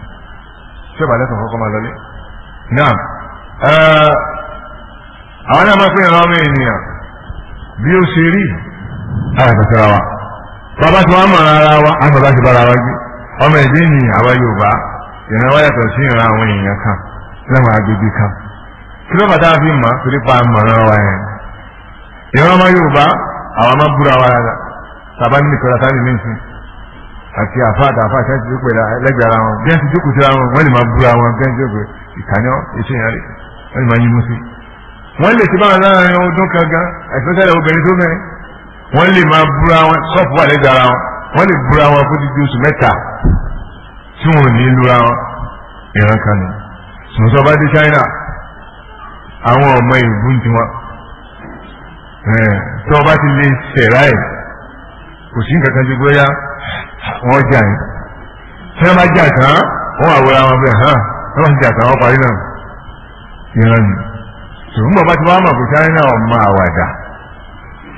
ìbàdàn kan kọ́kọ́ máa lọlé bí ó ṣe rí àyàtọ̀ síra wa. bàbá tí wọ́n mọ̀ ara wa á bàbá ti bára wa gbé ọmọ ẹ̀dẹ́ ni àwa Yorùbá ìran wa yàtọ̀ sí àwọn èèyàn kan lẹ́wọ̀n agbègbè kan kí ló bàtà fi mọ̀ torí pa mọ̀ ara wa yẹn ìran ọmọ Yorùbá àwọn ọmọ búra wa rárá tàbá ní nìkan látàrí ní ìsìn àti àfa àtàfà àti àti ìjókòó lẹ́gbẹ̀ẹ́ ara wọn bí wọ́n wọ́n lè máa búra wọn sọ́ọ̀pù wà lẹ́gbẹ̀ẹ́ ara wọn wọ́n lè búra wọn fún dídí oṣù mẹ́ta tí wọn ò ní lura wọn ìran kan ni sọ̀tọ̀ bá dé China àwọn ọmọ ìlú ń tiwọn tó o bá ti lè ṣẹ̀rá ẹ̀ kò sí nǹkan kan ju bóyá wọ́n jà ẹ̀ tí wọ́n bá jà tán wọ́n àwòrán wọn bẹ́ẹ̀ hàn wọ́n ti jà tán wọ́n parí náà ìran ni tòun bọ̀ bá ti wá mọ̀ pé China ọmọ àwàdà.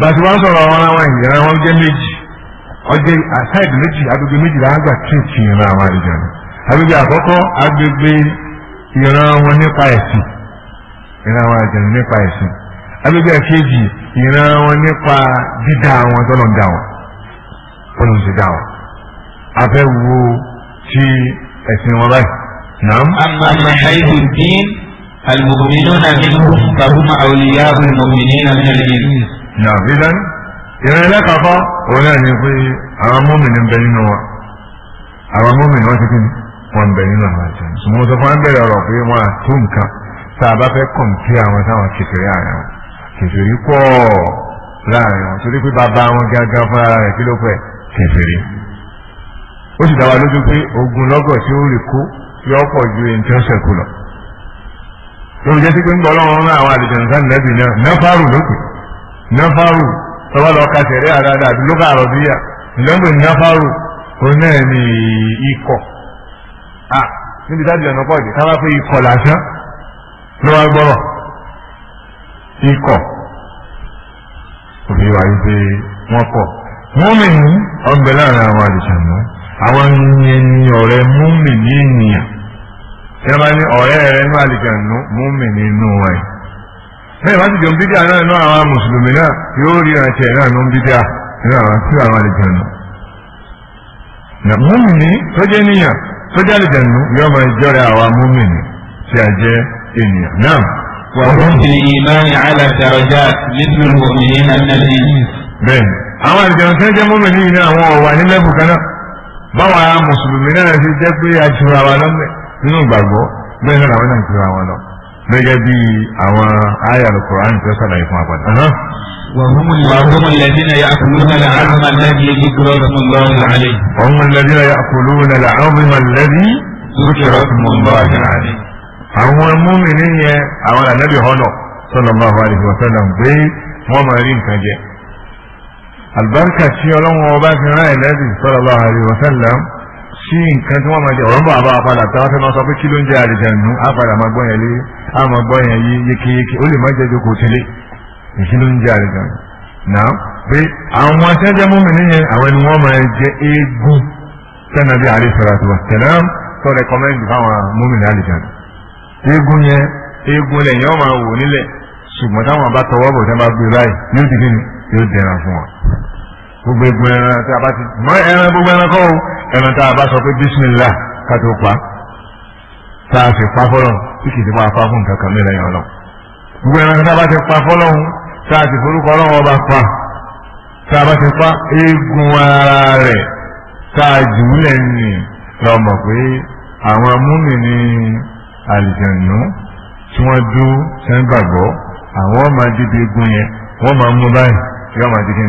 bàtí wọ́n sọ̀rọ̀ àwọn àwọn ìyára wọn jẹ́ méjì ọjẹ́ àṣàìdì méjì agbègbè méjì là ń gbà tírìtì ìran àwọn àlejò ni agbègbè àkọ́kọ́ agbègbè ìran wọn nípa ẹ̀sìn ìran àwọn àlejò nípa ẹ̀sìn agbègbè àkejì ìran wọn nípa dídá wọn tọ́lọ̀ ń dá wọn tọ́lọ̀ ń ṣe dá wọn abẹ́ wo ti ẹ̀sìn wọn báyìí. نعم أما حيث الدين المؤمنون منهم فهم أولياء المؤمنين من الإنس Na ìdáni ìrìn ẹlẹ́kàfọ́ òun náà ní pé àwọn mọ́mìnì ń bẹ nínú wa àwọn mọ́mìnì wọ́n ti kí ni wọ́n ń bẹ nínú àwọn àjọ ní. mo sọ fún wọn bẹ̀rẹ̀ ọ̀rọ̀ pé wọ́n á tó nǹkan tá a bá fẹ́ kọ̀m̀pí àwọn táwọn kẹfìrí àárín wọn kẹfìrí pọ̀ láàrin wọn torí pé bàbá wọn gángan fúnra rẹ̀ kí ló pẹ́ kẹfìrí. ó sì dá wa lójú pé ogun lọ́gọ̀ tí ó rè kó yọ pọ̀ ju èyí tí ó ṣẹ̀kù lọ. lóòjẹ́ sí pé ń gbọ́ lọ́wọ́ nafaru saba lọ ka tẹ̀lé àdáadáa àti lókà àròbíyà ìlọ́gbẹ̀ nafaru òun náà ní ikọ̀ a níbi dájú ọ̀nà pọ̀ jù ká bá pé ikọ̀ làásán ló wá gbọ́rọ̀ ikọ̀ òbí wa yìí pé wọ́n pọ̀ mọ́mì ní ọgbẹ́ láàrin àwọn àdìsànà àwọn yẹn ní ọ̀rẹ́ mọ́mì ní ènìyàn tí wọ́n ní ọ̀rẹ́ rẹ̀ ní àdìsànà mọ́mì nínú ẹ̀ bẹ́ẹ̀ bá ti jọ bídíà náà nínú àwọn mùsùlùmí náà yóò rí ìrántí ẹ̀ náà nínú bídíà nínú àwọn tí àwọn àlejò náà. nà múmìnì tó jẹ́ níyàn tó jẹ́ àlejò nù yóò máa jọ́rẹ̀ àwa múmìnì tí a jẹ́ ènìyàn náà. وهم في الإيمان على درجات مثل المؤمنين الذين بين àwọn àlejò tó jẹ́ múmìnì yìí náà wọn ò wà ní lẹ́bù kan náà báwa mùsùlùmí náà ti jẹ́ pé àjùra wa lọ́mọ nínú ìgbàgbọ́ bẹ́ẹ̀ náà làwọn náà ń jura wọn lọ́mọ gẹ́gẹ́ bí àwọn àyà alukur'an tó sàlàyé fún apàdé. وهم الذين يأكلون العظم الذي ذكر اسم الله عليه وهم الذين يأكلون العظم الذي ذكر اسم الله عليه àwọn múmìnì yẹn àwọn ànábì họnà sallallahu alaihi wa sallam pé wọ́n máa rí nǹkan jẹ. àlùbáríkà tí ọlọ́wọ́n ọba fi rán ẹ̀lẹ́bì sallallahu alaihi wa sallam sí nkan tí wọ́n máa jẹ ọ̀rọ̀ ń bọ̀ àbá padà táwọn fẹ́ máa sọ pé kí ló ń jẹ àlìjànú á padà máa gbọ́ lé á máa gbọ́ yí yékéyéké ó lè má jẹ́ jókòó tẹ́lé kí ló ń jẹ àlìjànú. náà pé àwọn àwọn ẹni máa jẹ eégún sẹ́nàbí àríṣọ́ràtì wa tẹ̀lé tó rẹkọmẹ́ndì fáwọn mú ní àlìjànú. eégún yẹn eégún lẹ̀ yẹn wọ́n máa wò nílẹ̀ ṣùgbọ́n táwọn tẹ́ gbogbo egun ẹran tí a bá ti mọ ẹran gbogbo ẹran kọ́ o ẹran tá a bá sọ pé bísímìlá ká tó pa tá a sì pa fọlọ́n tí kì í ti pa afá fún nǹkan kan mìíràn yẹn lọ. gbogbo ẹran tá a bá ti pa fọlọ́n tá a ti forúkọ ọlọ́run ọba pa tá a bá ti pa eegun ara rẹ̀ tá a jù nì lọ mọ̀ pé àwọn amúnì ní àlìjẹ̀nù tí wọ́n dún sẹ́ńgbàgbọ́ àwọn máa dìbò eegun yẹn wọ́n máa mú báyìí yọ́ọ́ máa di kí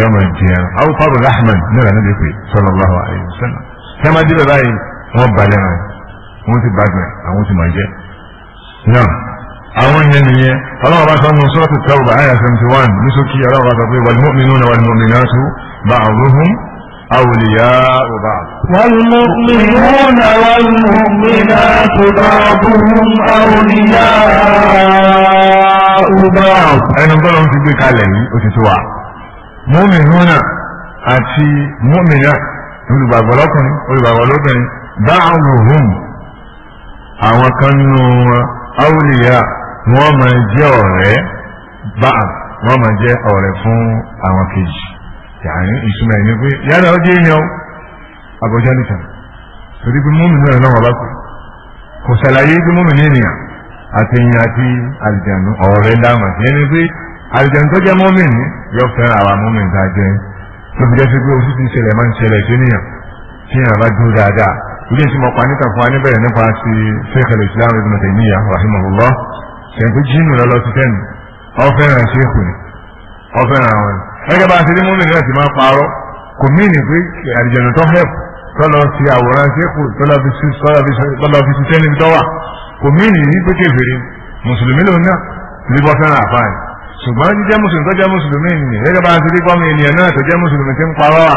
yọmọ ìjìyàn awùkọ́rù rahman náà lànà lè pè sallallahu alaihi wasallam tẹ́lá dídọ̀ báyìí wọ́n balẹ̀ rẹ̀ wọ́n ti bàgbẹ̀ àwọn ti máa jẹ́ náà àwọn yẹn nìyẹn ọlọ́wọ́ bá sọ́nù sọ́ọ̀tù tẹ́wọ̀ àyà 71 ní sókí ọlọ́wọ́ bá sọ pé wal-mu'minuna wal-mu'minatu ba'duhum أولياء بعض والمؤمنون والمؤمنات بعضهم أولياء بعض أنا نقول لهم تبقى لي وتتوعد mọ́mìnúnà àti mọ́mìnà olùgbàgbọ́ lọ́kùnrin olùgbàgbọ́ lóbìnrin ba'duhum àwọn kan nù wọn awliya wọn máa jẹ́ ọ̀rẹ́ báà wọn máa jẹ́ ọ̀rẹ́ fún àwọn kejì yàrá ìsúnmọ̀ ẹni pé yálà ó jẹ́ èèyàn àbọ̀já nìkan torí pé mọ́mìnúnà náà wọ́n bá kú kò sàlàyé pé mọ́mìnúnà àtẹ̀yìn àti àlìjànú ọ̀rẹ́ dáhùn àti ẹni pé àlùjẹ̀nu tó jẹ́ mọ́mìnì yóò fẹ́ràn àwa mọ́mìnì tá a jẹ́ tó fi jẹ́ sí pé oṣù tí ń ṣẹlẹ̀ máa ń ṣẹlẹ̀ sí nìyàn tí yàn bá dúró dáadáa ilé tí mo pa níta fún wa níbẹ̀rẹ̀ nípa ti sheikh al-islam ibn taymiya rahimahullah ṣẹ̀kú jíìnù lọ́lọ́ ti fẹ́ni ọ fẹ́ràn sheikh ni ọ fẹ́ràn àwọn ẹgbẹ́ bá a ti ní mọ́mìnì náà ti máa parọ́ kò mí ní pé àlùjẹ̀nu tó help tọ́lọ ti àwòrán sheikh tọ́lọ fi ṣiṣẹ́ níbi tọ́wà kò mí ní pé kéferì mùsùlùmí lòun náà ti bọ́ fẹ́ràn àfáàní ṣùgbọ́n jíjẹ́ mùsùlùmí tó jẹ́ mùsùlùmí ni gẹ́gẹ́ bá ń ti rí pọ́mì ènìyàn náà tó jẹ́ mùsùlùmí ti ń parọ́ wà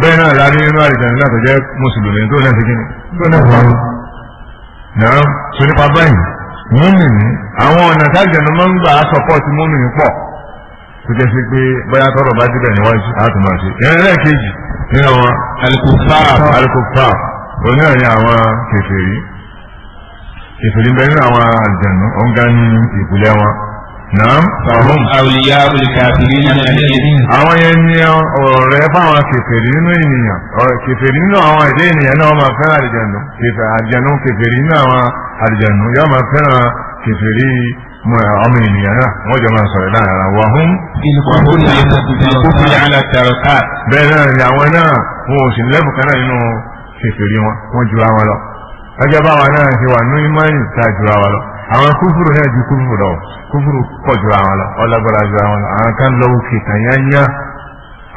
bẹ́ẹ̀ náà láàrin nínú àrìjàn náà tó jẹ́ mùsùlùmí tó náà ti kí ni tó náà parọ́. náà sọ nípa báyìí múmìnì àwọn ọ̀nà tájẹ̀nu máa ń gbà á sọpọ́ọ̀tì múmìnì pọ̀ tó jẹ́ sí pé bóyá tọrọ bá débẹ̀ níwájú àtúmọ̀ sí. ìrìnlẹ̀ kejì nínú àwọn alikufa onírin àwọn kèfèrí kèfèrí bẹ́ẹ̀ nínú àwọn àrìjàn ọ̀ngá naam. fahum awuliya olùkàfìrí ní ẹlẹ́yìn. àwọn yẹn ní ọ̀rẹ́ fáwọn kèfèrí nínú ènìyàn kèfèrí nínú àwọn èdè ènìyàn náà máa fẹ́ràn àlìjẹ̀nu àlìjẹ̀nu kèfèrí nínú àwọn àlìjẹ̀nu yóò máa fẹ́ràn kèfèrí ọmọ ènìyàn náà wọ́n jọ máa sọ̀rọ̀ láàrin ara wa hún. bẹ́ẹ̀ náà ni àwọn náà wọn ò sì lẹ́bù kan náà nínú kèfèrí wọn wọ́n jura wọn lọ. ọjọ́ báwa náà ti wà ní imáyì tá àwọn kúfúrú náà ju kúfúrú lọ kúfúrú pọ̀ jù àwọn lọ ọlọ́gbọ́dá ju àwọn lọ àwọn kan lọ òkè tàn yányá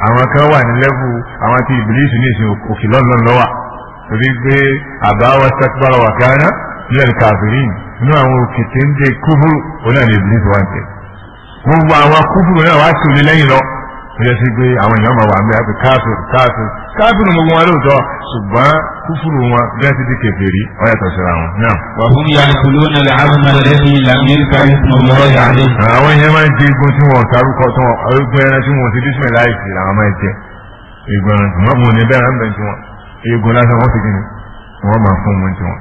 àwọn kan wà ní lẹ́bù àwọn ti ìbílísì ní ìsìn òkè lọ́nà lọ́wà torí pé àbáwá sẹ́kúbárà wà káyánná nílẹ̀ kàbírì nínú àwọn òkè téńdé kúfúrú onáà ní ìbílísì wà ń tẹ̀ gbogbo àwọn kúfúrú náà wá sùn lẹ́yìn lọ yẹ sí pé àwọn èèyàn máa wà ní àti káfíìrì káfíìrì káfíìrì gbogbo wọn lóòótọ́ ṣùgbọ́n kúfùrù wọn gẹ́gẹ́ ti di kèfèrí ọ̀yà tọ̀síra wọn náà. wàhùn ya kúló ní ilẹ̀ àbúmọ̀ lẹ́yìn ìlànà ìkàrí ọ̀rọ̀ yà lé. àwọn èèyàn máa ń jẹ igun tí wọn kárúkọ tí wọn ọgbẹ ẹran tí wọn ti dísùn ẹ̀ láì sí làwọn máa ń jẹ igun ẹran tí wọn mú ní bẹ́ẹ̀ rẹ̀ tí wọn igun lásán wọn fi kí ni wọn máa fún wọn tí wọn.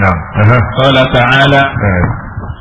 náà. qala ta'ala.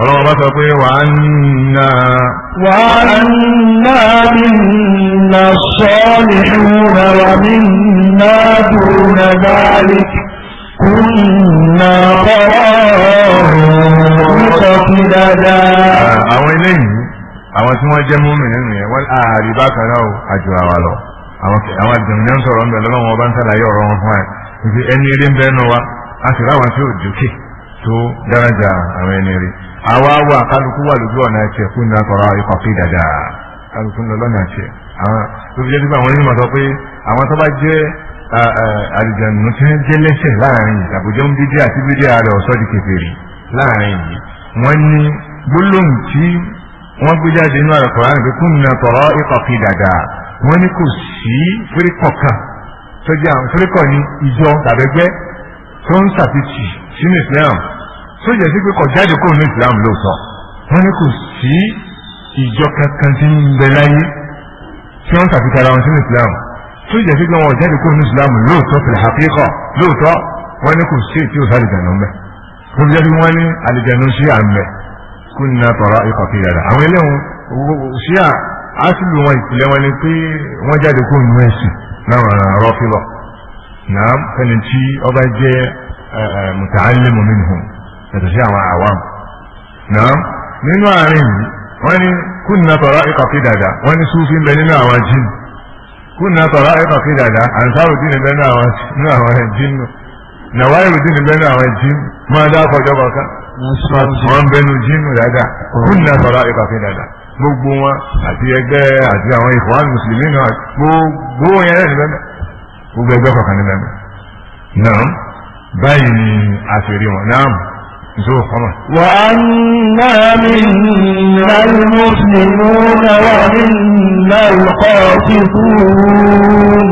ọlọ́wọ́ bá sọ pé wà á nà. wà á nà mí nà sọ́ọ̀lì ṣùgbọ́n wà mí nà dùnà dáálì kùnà kọ́ọ̀rọ̀ nítorí dáadáa. àwọn eléyìí àwọn tí wọ́n jẹ́ múmìnì nìyẹn wọ́n ààrí bákan náà àjùrà wa lọ àwọn àjùmọ̀ ń sọ̀rọ̀ ń bẹ̀ lọ́wọ́ bá ń sàlàyé ọ̀rọ̀ wọn fún ẹ̀ ẹni eré ń bẹ́ẹ̀ nù wa a sì ráwọn tí ò dúkè tó dáràjà àwọn ẹni eré àwa wà kálukú wà lójú ọ̀nà ẹ̀kẹ́ fún ìlànà tọrọ ikọ̀ pé dáadáa kálukú ń lọ lọ́nà ẹ̀kẹ́ àwọn tó fi jẹ́ pípa àwọn onímọ̀ sọ pé àwọn tó bá jẹ́ àlùjànnú tí wọ́n jẹ́ lẹ́sẹ̀ láàrin yìí àbújá ń bídí àti bídí ààrẹ ọ̀sọ́ di kèfèrè láàrin yìí wọ́n ní gbólóhùn tí wọ́n gbé jáde nínú àrẹ kọ̀ọ̀rán pé kún ìlànà tọrọ ikọ̀ pé dáadáa wọ́n ní kò sí fúrikọ̀ kan tó yẹ sí pé kọ̀ jáde kó ní Islam lóòótọ́ wọ́n ní kò sí ìjọ kankan tí ń bẹ láyé tí wọ́n ń tàbíkà ara wọn sínú Islam tó yẹ sí pé wọ́n jáde kó ní Islam lóòótọ́ fil haqiqa lóòótọ́ wọ́n ní kò sí èyí tí ó sáré jàǹdà ń bẹ wọ́n fi jáde wọ́n ní àlìjàǹdà sí à ń bẹ kó ní àtọ̀rọ̀ ikọ̀ kiri rẹ̀ àwọn eléwọn sí à wọn ìpìlẹ̀ wọn ni pé wọ́n jáde kó nù ẹ̀sìn náà rọ́fílọ̀ náà fẹ́ni tí ọba jẹ́ mùtàálẹ́mù minhum yàtọ̀ sí àwọn àwam náà nínú àárín yìí wọ́n ní kúnnà tọ̀rọ ìkọ̀kí dàda wọ́n ní súfì ń bẹ nínú àwọn jíìnì kúnnà tọ̀rọ ìkọ̀kí dàda àǹsáàrù dín bẹ nínú àwọn jíìnì nàwáìrù dín bẹ nínú àwọn jíìnì máa dá ọkọ̀jọ́ kọ̀ọ̀kan wọ́n bẹnu jíìnì dàda kúnnà tọ̀rọ ìkọ̀kí dàda gbogbo wọn àti ẹgbẹ́ àti àwọn ìfọ̀hánù mùsùlùmí náà gbogbo yẹn lẹ́nu bẹ́ẹ̀ gbogbo ẹgbẹ́ kọ̀ọ̀kan ní bẹ́ẹ̀ náà báyìí ni àṣírí wọn náà وأنا منا المسلمون ومنا القاسطون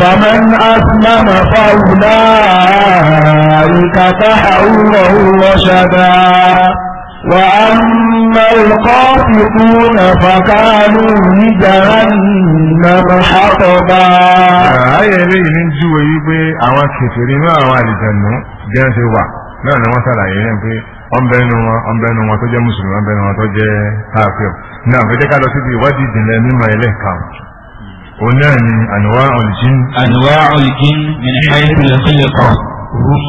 فمن أسلم فأولئك تحروا رشدا وأما القاسطون فكانوا لجهنم حطبا آية ليه ننجو ويبي أوان كثيرين وأوان لجنة جنة náà ni wọ́n ṣàlàyé rẹ̀ pé ọ̀nbẹ́nu wọn ọ̀nbẹ́nu wọn tó jẹ́ mùsùlùmí ọ̀nbẹ́nu wọn tó jẹ́ káàfíọ̀ náà fẹ́jẹ́ ká lọ síbi ìwádìí ìdìlẹ̀ mímọ̀ ẹlẹ́ẹ̀kan òun náà ni ànúwá ọ̀lùjín. ànúwá ọ̀lùjín ní àìsí ìlẹ̀kọ̀ hum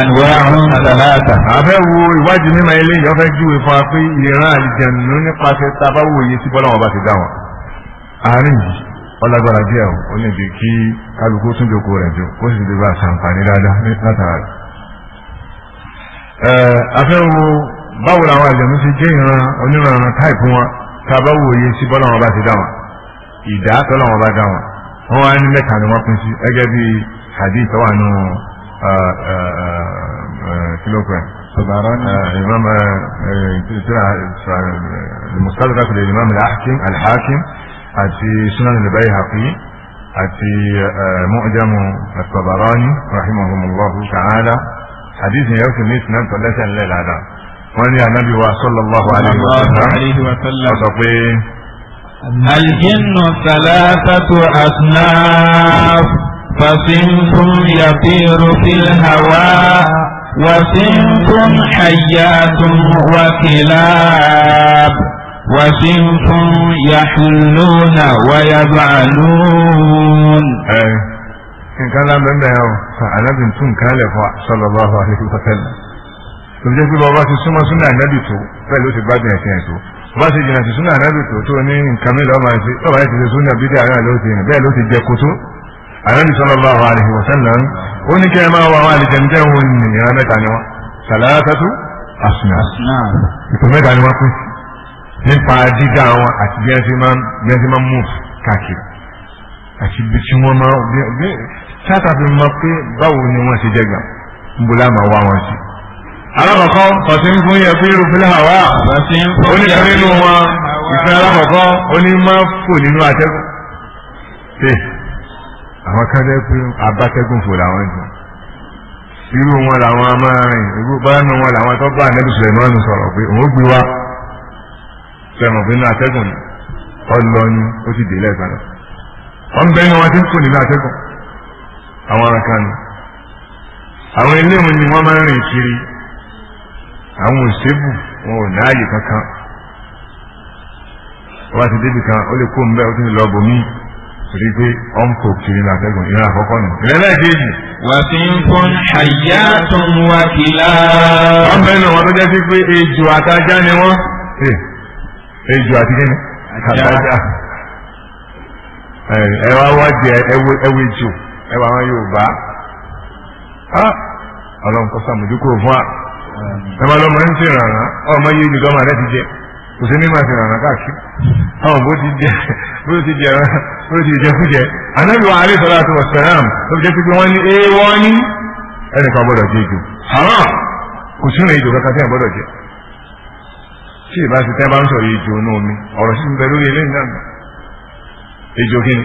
ànúwá ọ̀hún àtàláàtà. àbẹ̀wò ìwádìí mímọ̀ eléyìí ọ̀fẹ́ júwe fún wa pé ìran àlìjẹ̀nù nípasẹ̀ tabáwò ọlágbára díẹ̀ ò lè jẹ́ kí kálukú tún jókòó rẹ̀ jù kó sì lè bá a ṣàǹfààní dáadáa látara rẹ̀. afẹ́ wo báwo làwọn àjẹmí ṣe jẹ́ ìran oníranran táìpù wọn tá a bá wòye sí bọ́lá wọn bá ti dá wọn ìdá tọ́lá wọn bá dá wọn wọn wá ní mẹ́ta ni wọ́n pín sí gẹ́gẹ́ bí hadith wà nù kílópẹ̀ imam mustadrak al-imam al-hakim al-hakim àti sunan al-bayhaqi àti mu'jam àdìsí yẹn sì ní ìsìnà tó lẹ́sẹ̀ ńlẹ̀ dáadáa wọ́n ní anábì wa sallallahu alayhi wa sallam sọ pé. aljinnu salasatu asnaf fasinfun yatiru fil hawa wasinfun hayyatun wakilab wasinfun yahuluna wayab'alun. ẹ nǹkan lábẹ́ mẹ́rin o ànábì tún nǹkan lẹ̀ fún sallallahu alaihi wa sallam tó jẹ́ pé bàbá ti súnmọ́ súnà ànábì tó pẹ̀lú ó ti gbádùn ẹ̀sìn ẹ̀ tó bá ti jìnà sí súnà ànábì tó tó ní nǹkan mi lọ́wọ́ àti bàbá yẹn ti ṣe súnà bídí àárín àlọ́ ti rìn bẹ́ẹ̀ ló ti jẹ kótó ànábì sallallahu alaihi wa sallam ó ní kẹ́ ẹ máa wọ àwọn àlìjẹ̀míjẹ́ wọn ní ìran mẹ́ta ni wọn sàlátàtú àsùnà ìpè mẹ́ta ni wọ́n pín nípa dídá wọn àti bí wọ́n ti máa mú káàkiri àti bí tí wọ́n máa sáta fi mọ pé báwo ni wọ́n ṣe jẹ́ gàn ń bọ́lá máa wá wọn sí. alákọ̀ọ́kọ́ fọ̀sí ń fún yẹ fíru fílẹ̀ àwa ó ní kan nínú wọn ìfẹ́ alákọ̀ọ́kọ́ ó ní máa fò nínú atẹ́gùn. ṣe àwọn kan jẹ́ pé abátẹ́gùn fò làwọn jù irú wọn làwọn amárin irú báyìí wọn làwọn tó bá ànábì Sùlẹ̀mánù sọ̀rọ̀ pé òun gbé wa sẹ̀mọ̀ pé nínú atẹ́gùn ọlọ́ni ó ti dé lẹ́ẹ̀kan náà wọ́n bẹ́ẹ̀ ni wọ́n ti ń fò nínú atẹ́gùn àwọn ará kan ni àwọn eléwọn ni wọ́n máa ń rìn kiri àwọn òṣèbù wọn ò láàyè kankan wọ́n ti débi kan ó lè kó ń bẹ́ ó ti lọ bòmí torí pé ó ń kò kiri ní atẹ́gùn ìran àkọ́kọ́ nù. ìrẹ́lẹ̀ kejì. wàfíńkún àyàtún wákìlá. wọ́n bẹ́ẹ̀ náà wọ́n tó jẹ́ sí pé ejò àtajá ni wọ́n. Eh, ejò àti kíni. àtajá. ẹ wá wá jẹ ẹwé jù ẹwà àwọn Yorùbá ọlọ́run kọ́ sàmójú kúrò fún wa ẹ̀ma lọ́mọ ń ṣe ìrànà ọmọ yìí nìkan máa rẹ̀ ti jẹ kò sí mímọ̀ sí ìrànà káàkiri àwọn bó ti jẹ bó ti jẹ bó ti jẹ kújẹ anábì wa alẹ́ sọ́lá àti wàsálàm tó fi jẹ́ pé wọ́n ní ee wọ́n ní ẹnìkan gbọ́dọ̀ jẹ jù àwọn kò sí ìrìn ìjò kankan tí wọ́n gbọ́dọ̀ jẹ tí ìbá ti tẹ́ bá ń sọ̀rọ̀ ìjò náà mi ọ̀rọ̀ sí ti bẹ lórí eléyìí náà ìjò kí ni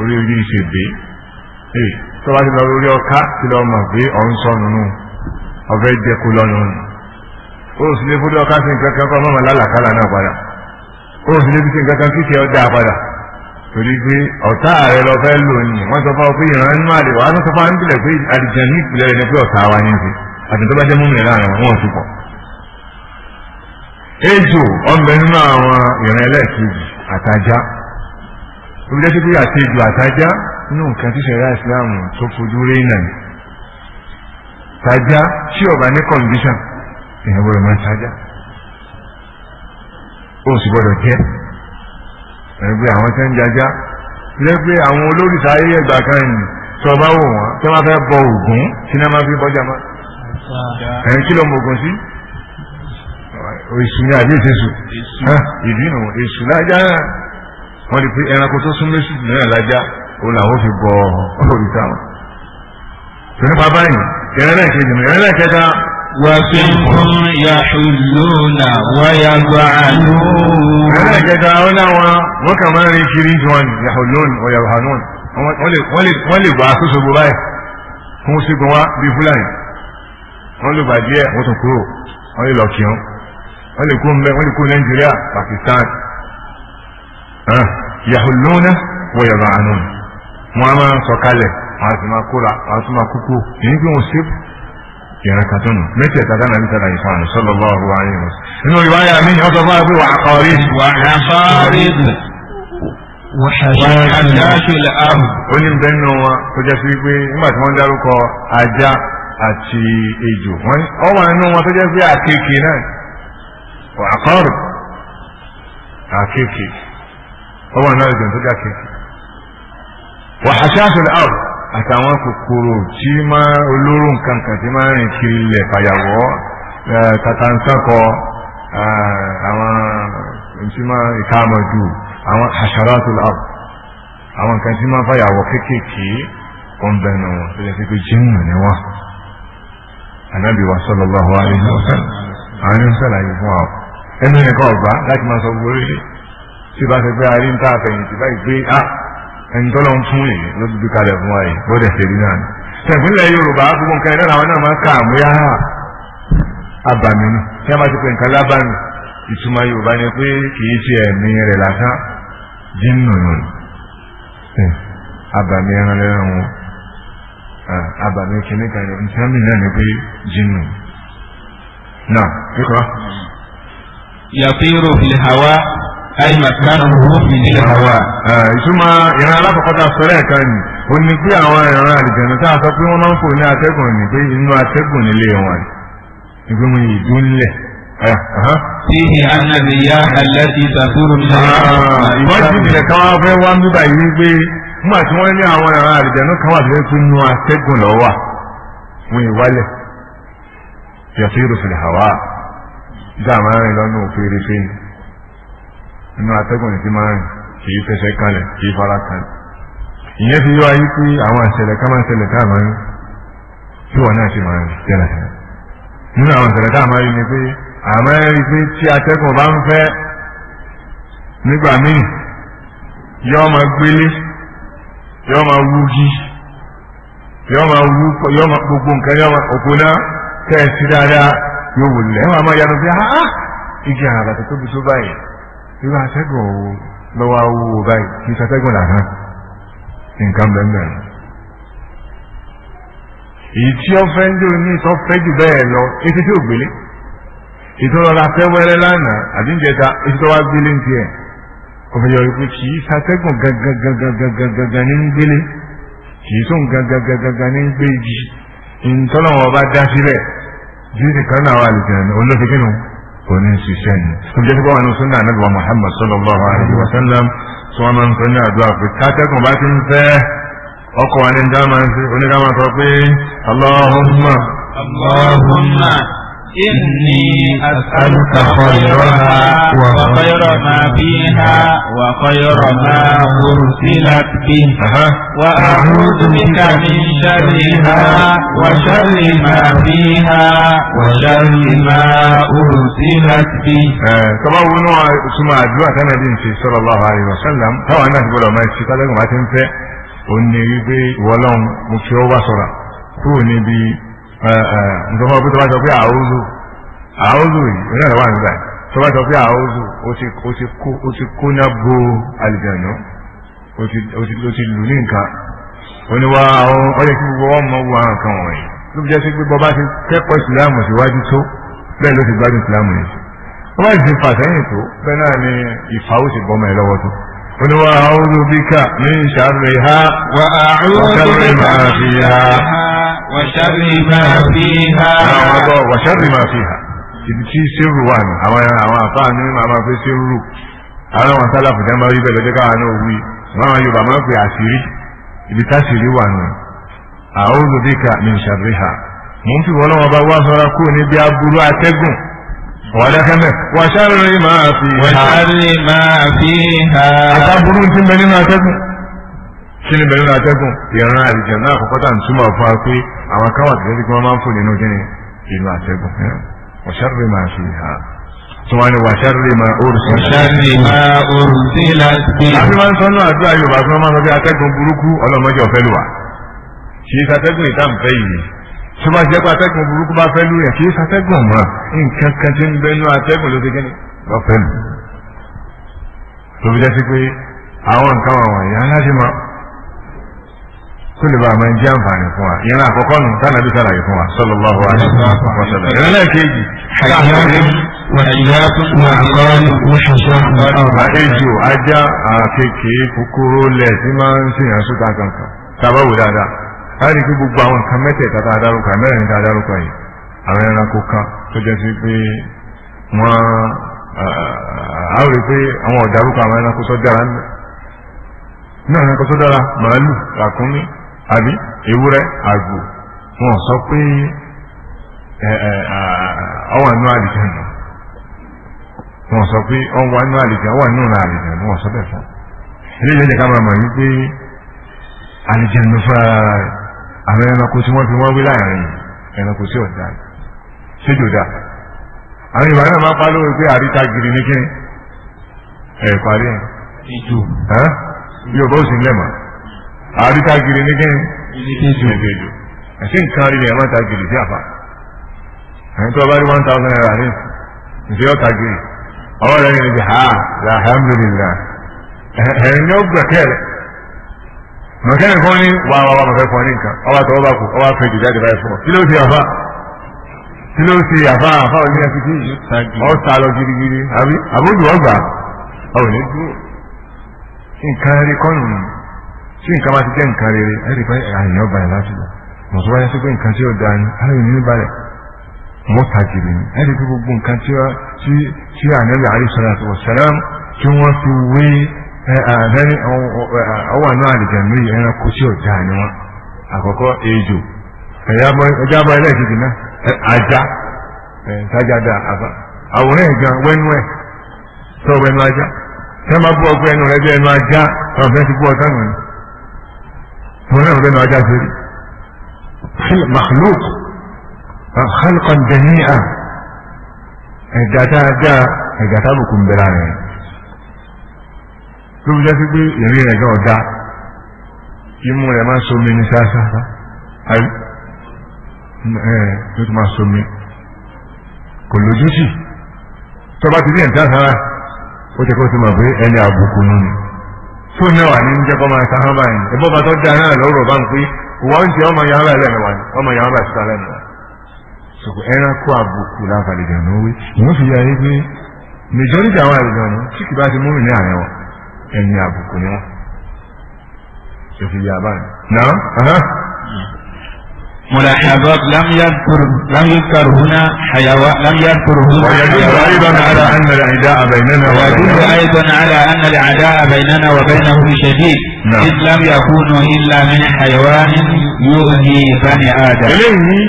orí ojú ìṣègbè ee tó bá ti lọ lórí ọká kí lọ mọ̀ pé ọ̀hún sọnù nù ọ̀fẹ́ jẹ́ kó lọ́nù nù ó sì lé fúdú ọká sí nǹkan kan kọ́ mọ̀mọ́ lálàkálà náà padà ó sì lé fi sí nǹkan kan kíkẹ́ ọjà padà torí pé ọ̀tá rẹ lọ fẹ́ lò ní wọ́n sọ fún ọ pé ìran nínú àdè wà á sọ fún àǹtílẹ̀ pé àdìjẹ ní ìpìlẹ̀ rẹ ni pé ọ̀tá wa ní ti àti tó bá jẹ́ múmi láàrin wọn ti pọ̀. ejò ọmọ nínú àwọn ìran ẹlẹ́ẹ̀kejì àtajá òbí jẹ́ pé àti ìlú àtajá nínú nǹkan tí sẹ̀rẹ́ ìsìláàmù tó fojú rí náà tajá tí ọba ní kọ̀ǹdíṣàn èèyàn gbọ́dọ̀ máa tajá ó sì gbọ́dọ̀ jẹ́ ẹgbẹ́ àwọn tẹ́ ń jajá lẹ́gbẹ́ àwọn olórìṣà ayé ẹgbà kan yìí tí ọba wò wọ́n tí wọ́n fẹ́ bọ ògún tí wọ́n máa fi bọ́jà máa ẹ̀yìn kí ló mọ ògùn sí èṣù ni àbí èṣù ìdí nù èṣù lájá náà wọ́n di pé ẹranko tó sún méjì jù náà lájá òun làwọn fi bọ òrìṣà wọn. tó nípa báyìí ẹran náà kejì mi ẹran náà kẹta. وَمِنْهُمْ يَحُلُّونَ وَيَضْعَنُونَ ẹran náà kẹta wọn náà wọn wọn kà máa ń rin kiri ju wọn yàhùlónà wọ̀yàhùlónà wọ́n lè gbà àkóso gbogbo báyìí fún sígun wa bíi fúlàní wọ́n lè gbà díẹ̀ wọ́n tún kúrò wọ́n lè lọ kí wọn wọ́n lè kó Nàìjíríà Pakistan yahuluna wa yada'anun wọn a máa sọ̀kalẹ̀ wọn a sì máa kóra wọn a sì máa kúkú èyí pé wọn ṣépù ìran kan tó nù mẹ́tẹ̀ẹ̀ta dáná ní sọlá ìfọ àná sọlọ bá ọrùn ayé wọn. nínú ìwà ayé mi ni wọn sọ fún wa pé wà á kọrí. wà á kọrí. wàhásílẹ̀ àrùn. ó ní bẹ́ẹ̀ nù wọn tó jẹ́ sí pé nígbà tí wọ́n dárúkọ ajá ọwọ́ àná àlùjẹ̀nù tó ga kẹ̀kẹ́ wàhásásù àrùn àtàwọn kòkòrò tí máa olóró nǹkan kan tí máa rìn kiri ilẹ̀ fàyàwọ́ tàtàǹsàkọ àwọn tí máa ìkàmọ̀dù àwọn àṣàràtù àrùn àwọn nǹkan tí máa fàyàwọ́ kéékèèké wọn bẹ̀rẹ̀ wọn tó yẹ kí jìnnà ni wọn. Ànábì wa sallallahu alaihi wasallam àwọn ẹni sọlọ àyè fún wa ẹnu nìkan ọgbà láti máa sọ gbogbo orílẹ̀ tí bá ṣe pé a rí ń ta àfẹ̀yìntì báyìí pé a ah, ẹni tọ́lọ́ ń fún yìí ló dúdú kalẹ̀ fún wa yìí bó dẹ̀ ṣe rí náà ni. ṣèpínlẹ̀ Yorùbá gbogbo nǹkan ẹ̀rọ àwọn náà máa ń kà mú yá àbàmì ni tí a bá ti pè nǹkan lábàmì ìtumọ̀ Yorùbá ni pé kì í ṣe ẹ̀mí rẹ̀ lásán jínù nù àbàmì ẹran lẹ́ran wọn àbàmì kìnnìkan ní ìtàmì náà ni pé jínù náà kíkọ́. yàtí rò fi hàwá ayi makana rufi ni hawa. ìtumọ̀ ìran alákọ̀ọ́kọ́ta sọ̀rọ̀ ẹ̀ka ni ó ní pé àwọn ìran àlìjẹ̀nù tá a sọ pé wọ́n máa ń fò ní atẹ́gùn ni pé inú atẹ́gùn nílé wọn ni pé wọ́n yìí dún lẹ̀. Fíhi Anabiya Alẹ́sì Sàkúrò ní àwọn ìwádìí ìbílẹ̀ kan wá fẹ́ wá ń bíbà yìí wípé nígbà tí wọ́n ní àwọn ìran àlìjẹ̀nù kan wà fẹ́ tún nu atẹ́gùn lọ́wọ́ wọn ìwálẹ̀ yàtọ̀ ìrọ̀sẹ̀lẹ̀ hàwá dáàmà rìn lọ́nà òfin rẹ̀ fẹ́yìn inú atẹ́gùn ti máa rìn kì í fẹsẹ̀ kalẹ̀ kì í fara kalẹ̀ ìyẹn fi yọ ayé pé àwọn àṣẹlẹ̀ ká máa ṣẹlẹ̀ káà máa ń tí wọn náà ṣe máa ń ṣẹlẹ̀ nínú àwọn àṣẹlẹ̀ káà máa ń rí ni pé àmọ́ ẹ rí i pé tí atẹ́gùn bá ń fẹ́ nígbà míì yọ máa gbélé yọ máa wúgi yọ máa wú yọ máa gbogbo nǹkan yọ máa òpó náà dáadáa yóò wò lẹ́wọ̀n àmọ́ yanu ah igi àràbàtà irú atẹ́gùn òwò lọ́wọ́ awúwo báyìí kí sátẹ́gùn là hàn nǹkan bẹ́ẹ̀ èyí tí ó fẹ́ ń dé oní ìtọ́ fẹ́ jù bẹ́ẹ̀ lọ etí tí ò gbélé ìtọ́lọ́ra fẹ́ wẹ́rẹ́ lánàá àbí ìjẹta etí tó wá gbélé ń tiẹ̀ ọ̀fẹ́yọ̀ ikú kì í sátẹ́gùn gangan ní ń gbélé kì í sóhun gangan ní ń gbé igi ìtọ́lọ́wọ́n ọba dá sílẹ̀ jíjìn kan náà wà lùjẹ̀ olóṣèkínú oní ṣiṣẹ́ ni tó jẹ́ sípò wọn sunna anabi wa muhammad sallallahu alayhi wa sallam tí wọ́n máa ń sọ ní àdúrà pé kátẹ́kùn bá ti ń fẹ́ ọkọ̀ wa ní dáhùn máa ń allahumma allahumma. إني أسألك خيرها وخير ما فيها وخير ما أرسلت به وأعوذ بك من شرها وشر ما فيها وشر ما أرسلت به أه، كما هو نوع ثم أدعو كان في صلى الله عليه وسلم هو الناس يقولوا ما يشتغل ما تنفع ونبي ولون مكيوبا صلاة كوني بي ntọ́fọ́ pé tọ́ba sọ pé àhóòzù àhóòzù yìí oní ọ̀rọ̀ wà nígbà yìí tọ́ba sọ pé àhóòzù ó ti kó ná bo àlìjànú ó ti lù ní nǹkan ó ní wá àwọn ọyẹ kí gbogbo wọn mọ wo àwọn nǹkan wọ̀nyí ló fi jẹ́ sí pé bọ́ba ti kẹ́kọ̀ọ́ ìsìlámù síwájú tó bẹ́ẹ̀ ló ti gbádùn ìsìlámù yìí wọ́n bá ti fà sẹ́yìn tó bẹ́ẹ̀ náà ni ìfà ó sì bọ́mọ ẹ lọ́wọ́ tó. قل وأعوذ بك من شرها وأعوذ بك من شرها wàṣàbí máa fi hà. àwọn ọgbọ́ wàṣàbí máa fi hà ibi tí sírù wà ní àwọn àwọn àfáà ní màmá fi sírù àwọn àwọn sálàfù jẹ́ máa rí bẹ́ẹ̀ lọ́jọ́ káwọn náà wí wọn Yorùbá máa ń pè àṣírí ibi táṣírí wà ní àwọn olùdíkà ní ìṣàbí hà mo ń fi wọ́n lọ́wọ́ bá wá sọ́ra kú níbi aburú atẹ́gùn wàlẹ́kẹ́mẹ́ wàṣàbí máa fi hà. wàṣàbí ti mẹ́ nínú atẹ́gùn kí ni bẹ̀rẹ̀ atẹ́gùn ìran àlìjẹ̀ náà àkọ́kọ́ tà ń túmọ̀ fún wa pé àwọn káwà tẹ́lẹ̀ tí wọ́n máa ń fò nínú kí ni ìlú atẹ́gùn wàṣáré máa fi hà tí wọ́n ní wàṣáré máa orùsí. wàṣáré máa orùsí láti. àfi máa ń sọ náà àdúrà Yorùbá fún ọmọ sọ pé atẹ́gùn burúkú ọlọ́mọdé ọ̀fẹ́ lù wá kì í satẹ́gùn ìtàǹfẹ́ yìí tó bá jẹ́ pé atẹ́gùn burúkú bá fẹ́ lù yẹn kì í satẹ́gùn mọ́ nǹkan kan kó lè bá a máa jẹ́ àǹfààní fún wa ìran àkọ́kọ́ nù tánàbí sàlàyé fún wa sallallahu alaihi wa sallam ìran náà kéjì. àjò ajá àkekèé kúkúrú lẹ̀ tí máa ń ṣe ìrìn àṣùtà kankan tàbá wò dáadáa láti fi gbogbo àwọn nǹkan mẹ́tẹ̀ẹ̀ta tá a dárúkọ mẹ́rin tá a dárúkọ yìí àwọn ẹranko kan tó jẹ́ sí pé wọ́n á rí pé àwọn ọ̀dàrúkọ àwọn ẹranko tó dára náà ẹranko tó màálù ràkúnmí àbí ewúrẹ́ àgbò wọn sọ pé ọwọ́ inú àlìjẹ́ nù wọn sọ pé ọwọ́ inú àlìjẹ́ ọwọ́ inú àlìjẹ́ nù wọn sọ bẹ́ẹ̀ fún ilé ìjẹ́jẹ́ ká máa mọ̀ wípé àlìjẹ́ nù fún ara rẹ̀ àwọn ẹranko tí wọ́n fi wọ́n wí láàrin ẹranko sí ọ̀dà ṣéjò dà àwọn ìwà náà máa pa lórí pé àríta gidi ní kíni ẹ̀ parí ẹ̀ ìjò yóò bọ́ sí lẹ́mọ̀ọ́ àríkàgìrì ní kíni ìdíkejì àti nǹkan rí ni ẹ̀ máa ta gìrì sí àfà ẹni tó bá rí one thousand naira ní ìdí ọ̀ta gìrì ọwọ́ rẹ̀ ní ibi ha alhamdulillah ẹ̀rín ni ó gbẹ̀kẹ́ rẹ̀ mọ̀kẹ́rin fún ní wà wà wà mọ̀kẹ́ fún ní nǹkan ọwọ́ àtọwọ́ bá kú ọwọ́ àfẹ́jù jáde báyìí fún ọ kí ló ti àfà kí ló ti àfà àfà òní ẹtí tí ọ sá lọ gidigidi àbójú ọgbà ọ ní dúró nǹkan rí kọ́nù tí nǹkan bá ti jẹ́ nǹkan rere ẹ̀rí pé àyàn balẹ̀ láti lọ mọ̀ tó wáyé sí pé nǹkan tí ó da ni aláwọ̀ ní balẹ̀ mọ́ tàjìrì ni ẹ̀rí pé gbogbo nǹkan tí ànábì àríṣọ́lá tó sẹ́lẹ̀m tí wọ́n fi wé àdáni ọwọ́ àná àlìjẹ̀mí ẹranko tí ó da ni wọn àkọ́kọ́ ejò ẹ̀yà bọ́ ẹlẹ́ẹ̀kejì náà ajá da àbá àwòrán ẹ̀gàn wẹ́nú ẹ̀ tọ́ wẹ́nú ajá tẹ́ máa bú ọgbẹ́ ẹnu rẹ bí ẹnu ajá wọn náà bẹ́ẹ̀ ni ọjà ṣe rí makhluk khalqan jami'a ẹ̀dá dáadáa ẹ̀dá tábùkù ń bẹ̀rẹ̀ rẹ̀ ló fi jásí pé ìrìn rẹ̀ gan ọ̀dá imú rẹ̀ máa ń somi ní sáásáá ayé ẹ̀ ló ti máa somi kò lójútì tọ́ba ti ní ẹ̀dá sára ó jẹ́ kó o ti mọ̀ pé ẹni àbùkù nù ni tó náà wà ní jẹ́kọ́ máa ta hàn báyìí ẹ̀bọ́ bá tó dáa náà lọ́rọ̀ bá ń pé wọ́n ti ọmọ yàrá bá lẹ́mẹ̀wá ni ọmọ yàrá bá síta lẹ́mẹ̀wá. ملاحظات لم يذكر لم يذكر هنا حيوان لم يذكر هنا ويدل ايضا على ان العداء بيننا ويدل ايضا على ان العداء بيننا وبينه شديد نعم. اذ لم يكون الا من حيوان يؤذي بني ادم اليه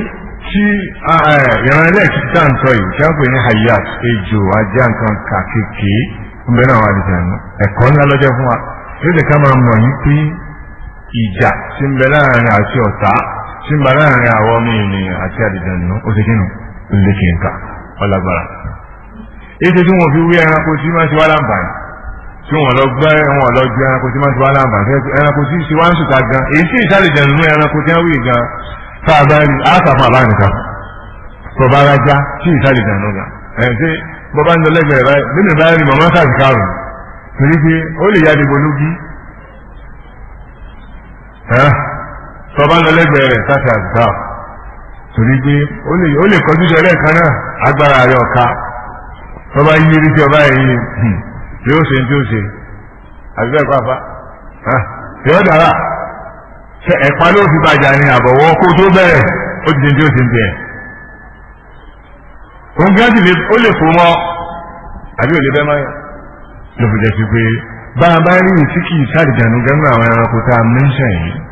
tí آه يعني tá ń sọ yìí tí a pè ní hayat ejò ajá nǹkan kà kéèké ń bẹ́ẹ̀ náà wà lè jẹun ẹ̀kọ́ ńlá lọ́jọ́ tí ń bá láàrin àwọn ọmọ ènìyàn àti àdìjọ nù ó ti kínú lè kí n kà ọlágbára. ètò tí wọn fi wí ẹranko tí máa ń ṣe wá láǹbàá tí wọn lọ gbẹ wọn lọ ẹranko tí máa ń ṣe wá láǹbàá ẹranko ṣe wá ń gan èyí ẹranko tí wọn wí gan a tọba lọ lẹ́gbẹ̀ẹ́ rẹ̀ sáfì àgbà torí pé ó lè kọjú jọ lẹ́ẹ̀kan náà agbára rẹ̀ ọ̀ka tọba yí rí tí ọba yìí yóò ṣe tí ó ṣe àbí ẹ̀kọ́ àfa yóò dára ṣe ẹ̀pá ló fi bàjá ní àbọ̀wọ́ kó tó bẹ̀rẹ̀ ó ti ṣe tí ó ṣe ń tẹ̀. òun gán sì ó lè fò mọ́ àbí òlè bẹ́ẹ̀ máa ló fi jẹ́ sí pé bá a bá rí ìsíkì ìsáàdìjànú gánú àwọn ẹranko tá a mẹ́ńṣẹ̀ yìí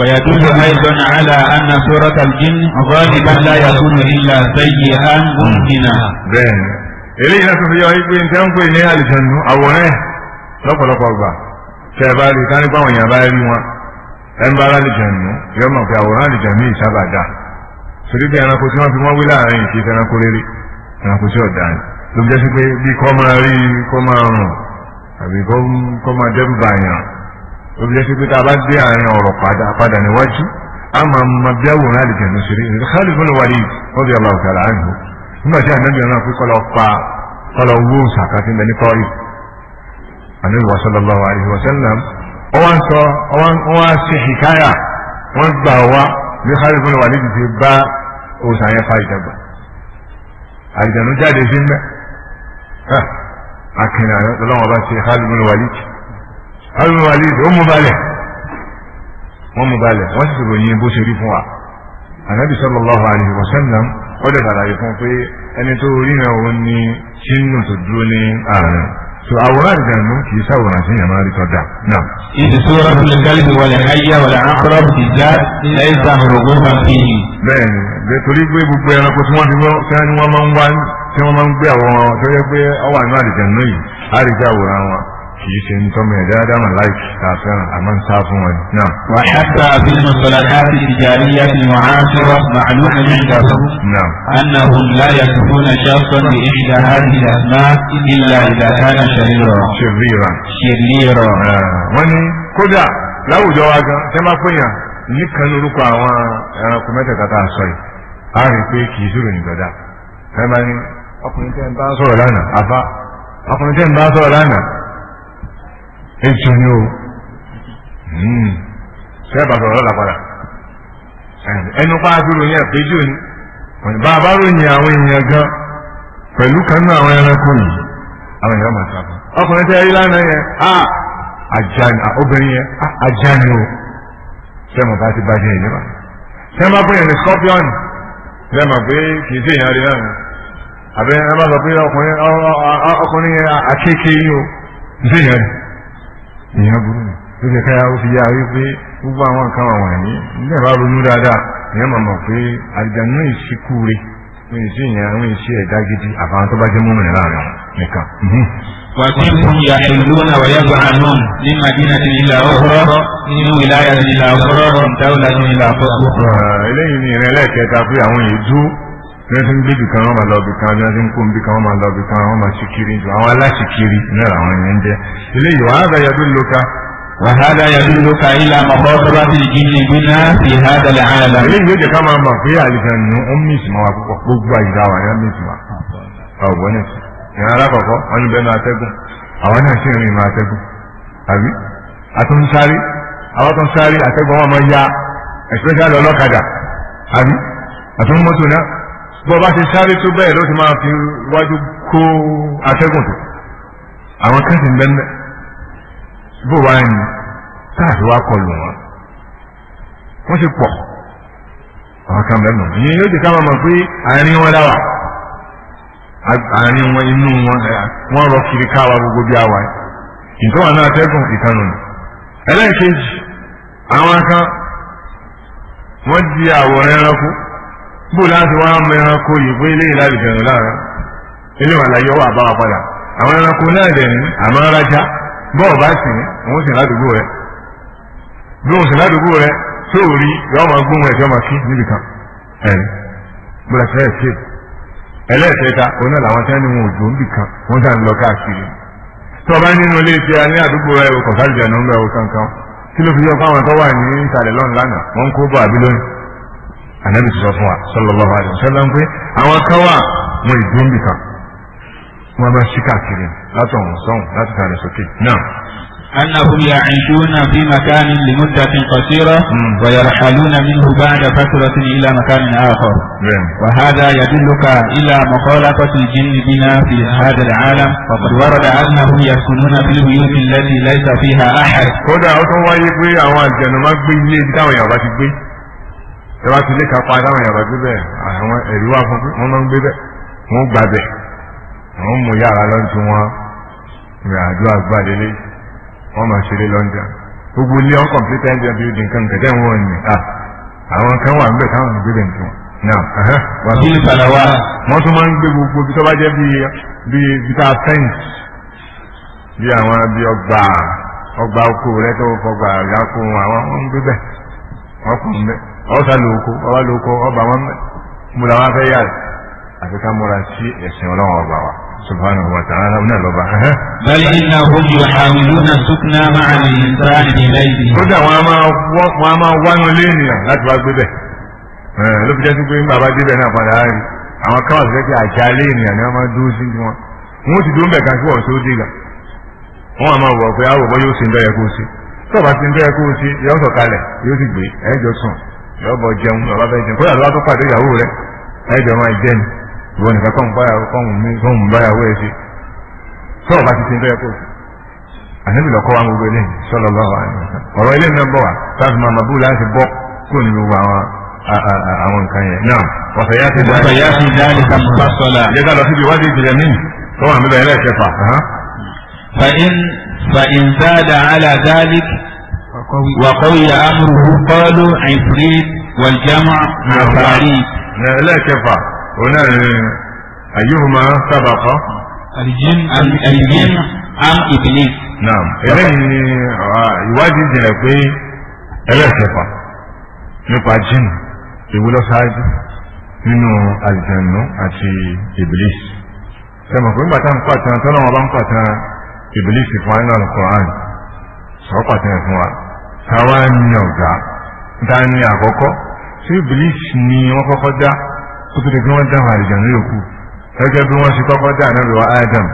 ويدل أيضا على أن سورة الجن غالبا لا يكون إلا سيئا ممكنا بين eléyìí náà tuntun yọ ipe n tẹ́ ń pè ní àlìjẹ̀nu àwòrán ẹ̀ lọ́pọ̀lọpọ̀ gbà tẹ́ ẹ bá rí ká nípa àwọn èèyàn bá rí wọn ẹ ń bá àlìjẹ̀nu yọ mọ̀ pé àwòrán àlìjẹ̀nu yìí sábà dà torí bí ẹranko tí wọ́n fi wọ́n wí láàrin yìí kí ẹranko rere ẹranko tí ọ̀dà ni ló fi jẹ́ sí pé bí kọ́ máa rí kọ́ máa rùn àbí kọ́ máa dẹ́rù bàyàn òbí jẹ́ pé tá a bá dé àárín ọ̀rọ̀ padà padà níwájú a máa ma bí àwòrán àlìjẹ̀nu ṣeré ní Khalid bin Walid wọ́n bí aláwọ̀ tààrà àánú nígbà tí ànábì ọ̀nà pé kọ́lọ̀ pa kọ́lọ̀ wó sàkàtì mẹ́ ní kọ́rì ànábì wa sallallahu alaihi wa sallam wọ́n sọ wọ́n ṣe hikaya wọ́n gbà wá bí Khalid bin Walid ti bá òsàn yẹn fa ìjàgbá jáde sí Abdul Walid ó mú balẹ̀ wọ́n mú balẹ̀ wọ́n sì ròyìn bó ṣe rí fún wa Ànábì sallallahu alaihi wasallam ó lè ṣàlàyé fún pé ẹni tó rí náà òun ni sínú tó dúró ní àárín so àwòrán ìdààmú kì í ṣàwòrán sí ìyàmá rí tọ́da náà. ìdí sọ́ra fún gálí ti wọlé ayé wọlé akọ́rọ́ ti já lẹ́yìn sàmúrò kó máa fi yìí. bẹ́ẹ̀ni bẹ́ẹ̀ torí pé gbogbo ẹranko tí wọ́n ti wọ́n máa ń wá tí wọ́n máa ń gbé àwọn tó yẹ pé ọwọ́ àná àdìjẹ́ náà yìí á àwòrán wọn kìí ṣe ń tọ́mọ ẹ̀dá dámà láìkì tààfẹ́ràn àmọ́ ń sá fún wọn náà. wà á ta àfihàn sọ̀rọ̀ láti ìjàrí yàtì wà á sọ̀rọ̀ màálù ẹ̀yìn ìdàgbọ́. náà. anna hun láyà tuntun na ṣàkóso ní ìdá hàbí àmà ìlà ìdàkánà ṣèlérò. ṣèlérò. ṣèlérò. wọ́n ní kódà láwùjọ wa gan tẹ́ máa pèèyàn nìkan lórúkọ àwọn ẹranko mẹ́tẹ̀ẹ̀ta tá a sọ yìí a rí i pé kì í ṣòro ìgbọ̀dá ẹ máa ní ọkùnrin tẹ́ ń bá sọ̀rọ̀ lánàá àbá ọkùnrin tẹ́ ń bá sọ̀rọ̀ lánàá ejò ni o hmm. ṣé ẹ bá sọ̀rọ̀ lọ́la padà ẹnu pa àbúrò yẹn ni bá a àwọn èèyàn gan pẹ̀lú kanú àwọn ẹranko yìí àwọn èèyàn máa sábà ọkùnrin tẹ́ ẹ rí lánàá yẹn a ajá ni obìnrin yẹn ajá ni o bá ti bàjẹ́ ní scorpion kì í sí ẹ sọ pé ọkùnrin yẹn akéèké yìí o èèyàn burú ló jẹ́ káyà ó fi yá wípé gbogbo àwọn nǹkan wà wọ̀nyí nígbà bá ronú dáadáa èèyàn máa mọ̀ pé àdìjànú ìsìnkú rẹ̀ wọ́n yìí sí ìyẹn àwọn ìṣe ẹ̀dá gidi àbáwọn tó bá jẹ́ múmi láàrin wọn nìkan. wàtí fún ìyá ìlú náà wáyé gbàánù ní madina ti ìlà ọ̀họ́rọ́ nínú ìlàyà ìlà ọ̀họ́rọ́ ìdáwọ̀lá ìlà àkọ́kọ́. eléyìí ni ìrìn ẹlẹ́ẹ̀kẹta pé àwọn èèyàn dúró lẹ́sìn gbébi kan wọ́n máa lọ bí kan bí wọ́n ti ń kó bí kan wọ́n máa lọ bí kan wọ́n máa ṣìkiri ju àwọn aláṣìkiri náà làwọn yẹn ń jẹ́ eléyìí wàá bẹ yẹbi lóka. وهذا يدلك إلى مخاطبة الجن بنا في هذا العالم. ليه يجي كما ما في الجن أمي سما وقبوا إذا وأنا مسما. أو بنت. يا رب أكو أنا بين أتكم. أو أنا شيء ما أتكم. أبي أتنساري أو أتنساري أتكم ما يا. especially ọlọ́kadà àbí àtúnmọ́tò náà bọ́ba ti sáré tó bẹ́ẹ̀ ló ti máa fi wájú kó atẹ́gùn tó àwọn kẹ́sì ń bẹ́ẹ̀ bó wá ẹni táàtì wá kọlù wọn wọ́n ti pọ̀ àwọn kan bẹ́ẹ̀ nù ìyẹn yóò ti ká máa mọ̀ pé àárín wọn dáwà àárín wọn inú wọn wọn rọ kiri káwa gbogbo bí àwa ìtọ́wà náà atẹ́gùn ìkànnì ẹlẹ́ẹ̀kejì àwọn kan wọ́n di àwòrán ẹranko bó láti wá mọ ẹranko yìí fún ilé ìlàlì jẹ̀rẹ̀ lára ilé wọn láyé ọwọ́ àbáwá padà àwọn ẹranko náà dẹ̀ ní àmọ́ rájá bọ́ọ̀ bá sì ní òun sì ládùúgbò rẹ̀ bí òun sì ládùúgbò rẹ̀ tó rí yọọ máa gbóhùn ẹ̀jọ́ máa kí níbi kan ẹ̀rí bó láti fẹ́ẹ̀ ṣe ẹlẹ́ẹ̀kẹta òun náà làwọn tẹ́ni wọn ò jò níbi kan wọ́n dà lọ káàkiri tó bá nínú ilé tí ní àdúgbò rẹ̀ o kọ̀ọ̀kan jẹ̀ nù kí ló fi yọ fáwọn tó wà ní ìsàlẹ̀ lọ́nà lánàá wọ́n kó bọ̀ àbí lónìí ànábì sọ fún wa sallallahu alaihi wasallam pé àwọn kan wà wọn ìdúró nbì kan wọn bá ṣí káàkiri láti ọ̀hún sọ́hún láti tààrẹ sókè náà. أنهم يعيشون في مكان لمدة قصيرة ويرحلون منه بعد فترة إلى مكان آخر وهذا يدلك إلى مخالفة الجن بنا في هذا العالم وقد ورد أنهم يسكنون في البيوت التي ليس فيها أحد ẹwà ti lè kápá dáwọn yàrá gbé bẹ́ẹ̀ àwọn ẹ̀rí wà fún wọn máa ń gbé bẹ́ẹ̀ wọn gbà bẹ́ẹ̀ wọn mú yàrá lọ́n tí wọn rìn àjọ àgbà délé wọn máa ṣeré lọ́njà gbogbo ilé ọkọ̀ pété ẹ̀jẹ̀ bíldìn kan kẹ̀kẹ́ wọn ni àwọn kan wà níbẹ̀ táwọn gbé bẹ́ẹ̀ tiwọn. wà sí ìsàlẹ̀wà wọ́n tún máa ń gbé gbogbo bí tó bá jẹ́ bí bí bí tá a bí àwọn bí ọgbà ọgbà oko rẹ tó fọgbà yà kó àwọn wọn gbé bẹ́ẹ̀ wọ́n kù ń ọ̀sà lóko ọba lóko ọba wọn mo làwọn fẹ́ yá àti ká múra ẹ̀sìn ọlọ́run ọba wa subhanahu wa ta'ala ọ̀nà lọ́ba. bali iná ojú na sukuna a máa ti ni wọn ti wọn yóò yóò lọ́bọ̀ jẹun lọ́ba fẹ́ jẹun kódà lọ́ba tó pàdé ìyàwó rẹ ẹjọ́ máa jẹ́ ni ìwọ nìkan kọ́ ń báyàwó kọ́ ń báyàwó ẹ̀ ṣe sọ́ọ̀ bá ti ṣe ń tọ́yẹ kó o ànábì lọ́kọ́ wa gbogbo eléyìí sallallahu alaihi wasallam ọ̀rọ̀ eléyìí náà bọ̀ wá sáàtì máa ma bú láti bọ́ kó ní gbogbo àwọn àwọn nǹkan yẹn náà wàtà yá ti dáàbì yá ti dáàbì وقوي أمره قالوا عفريت والجمع مع فريد لا لا كفى هنا أيهما سبق الجن الجن أم إبليس نعم إذن يواجه جنبي ألا كفى نبقى جن يقول سعيد nínú àlìjànnú àti iblis sẹ́mọ̀ pé nígbà tá à ń pàtàn tọ́lọ́wọ́n bá القرآن pàtàn iblis fún àyínlá táwa ni ọ̀gá dání àkọ́kọ́ ṣé iblis ni wọ́n kọ́kọ́ dá kó tó lè gbé wọ́n dáhùn àlejò ní òkú gẹ́gẹ́ bí wọ́n ṣe kọ́kọ́ dá ànábì wa Adam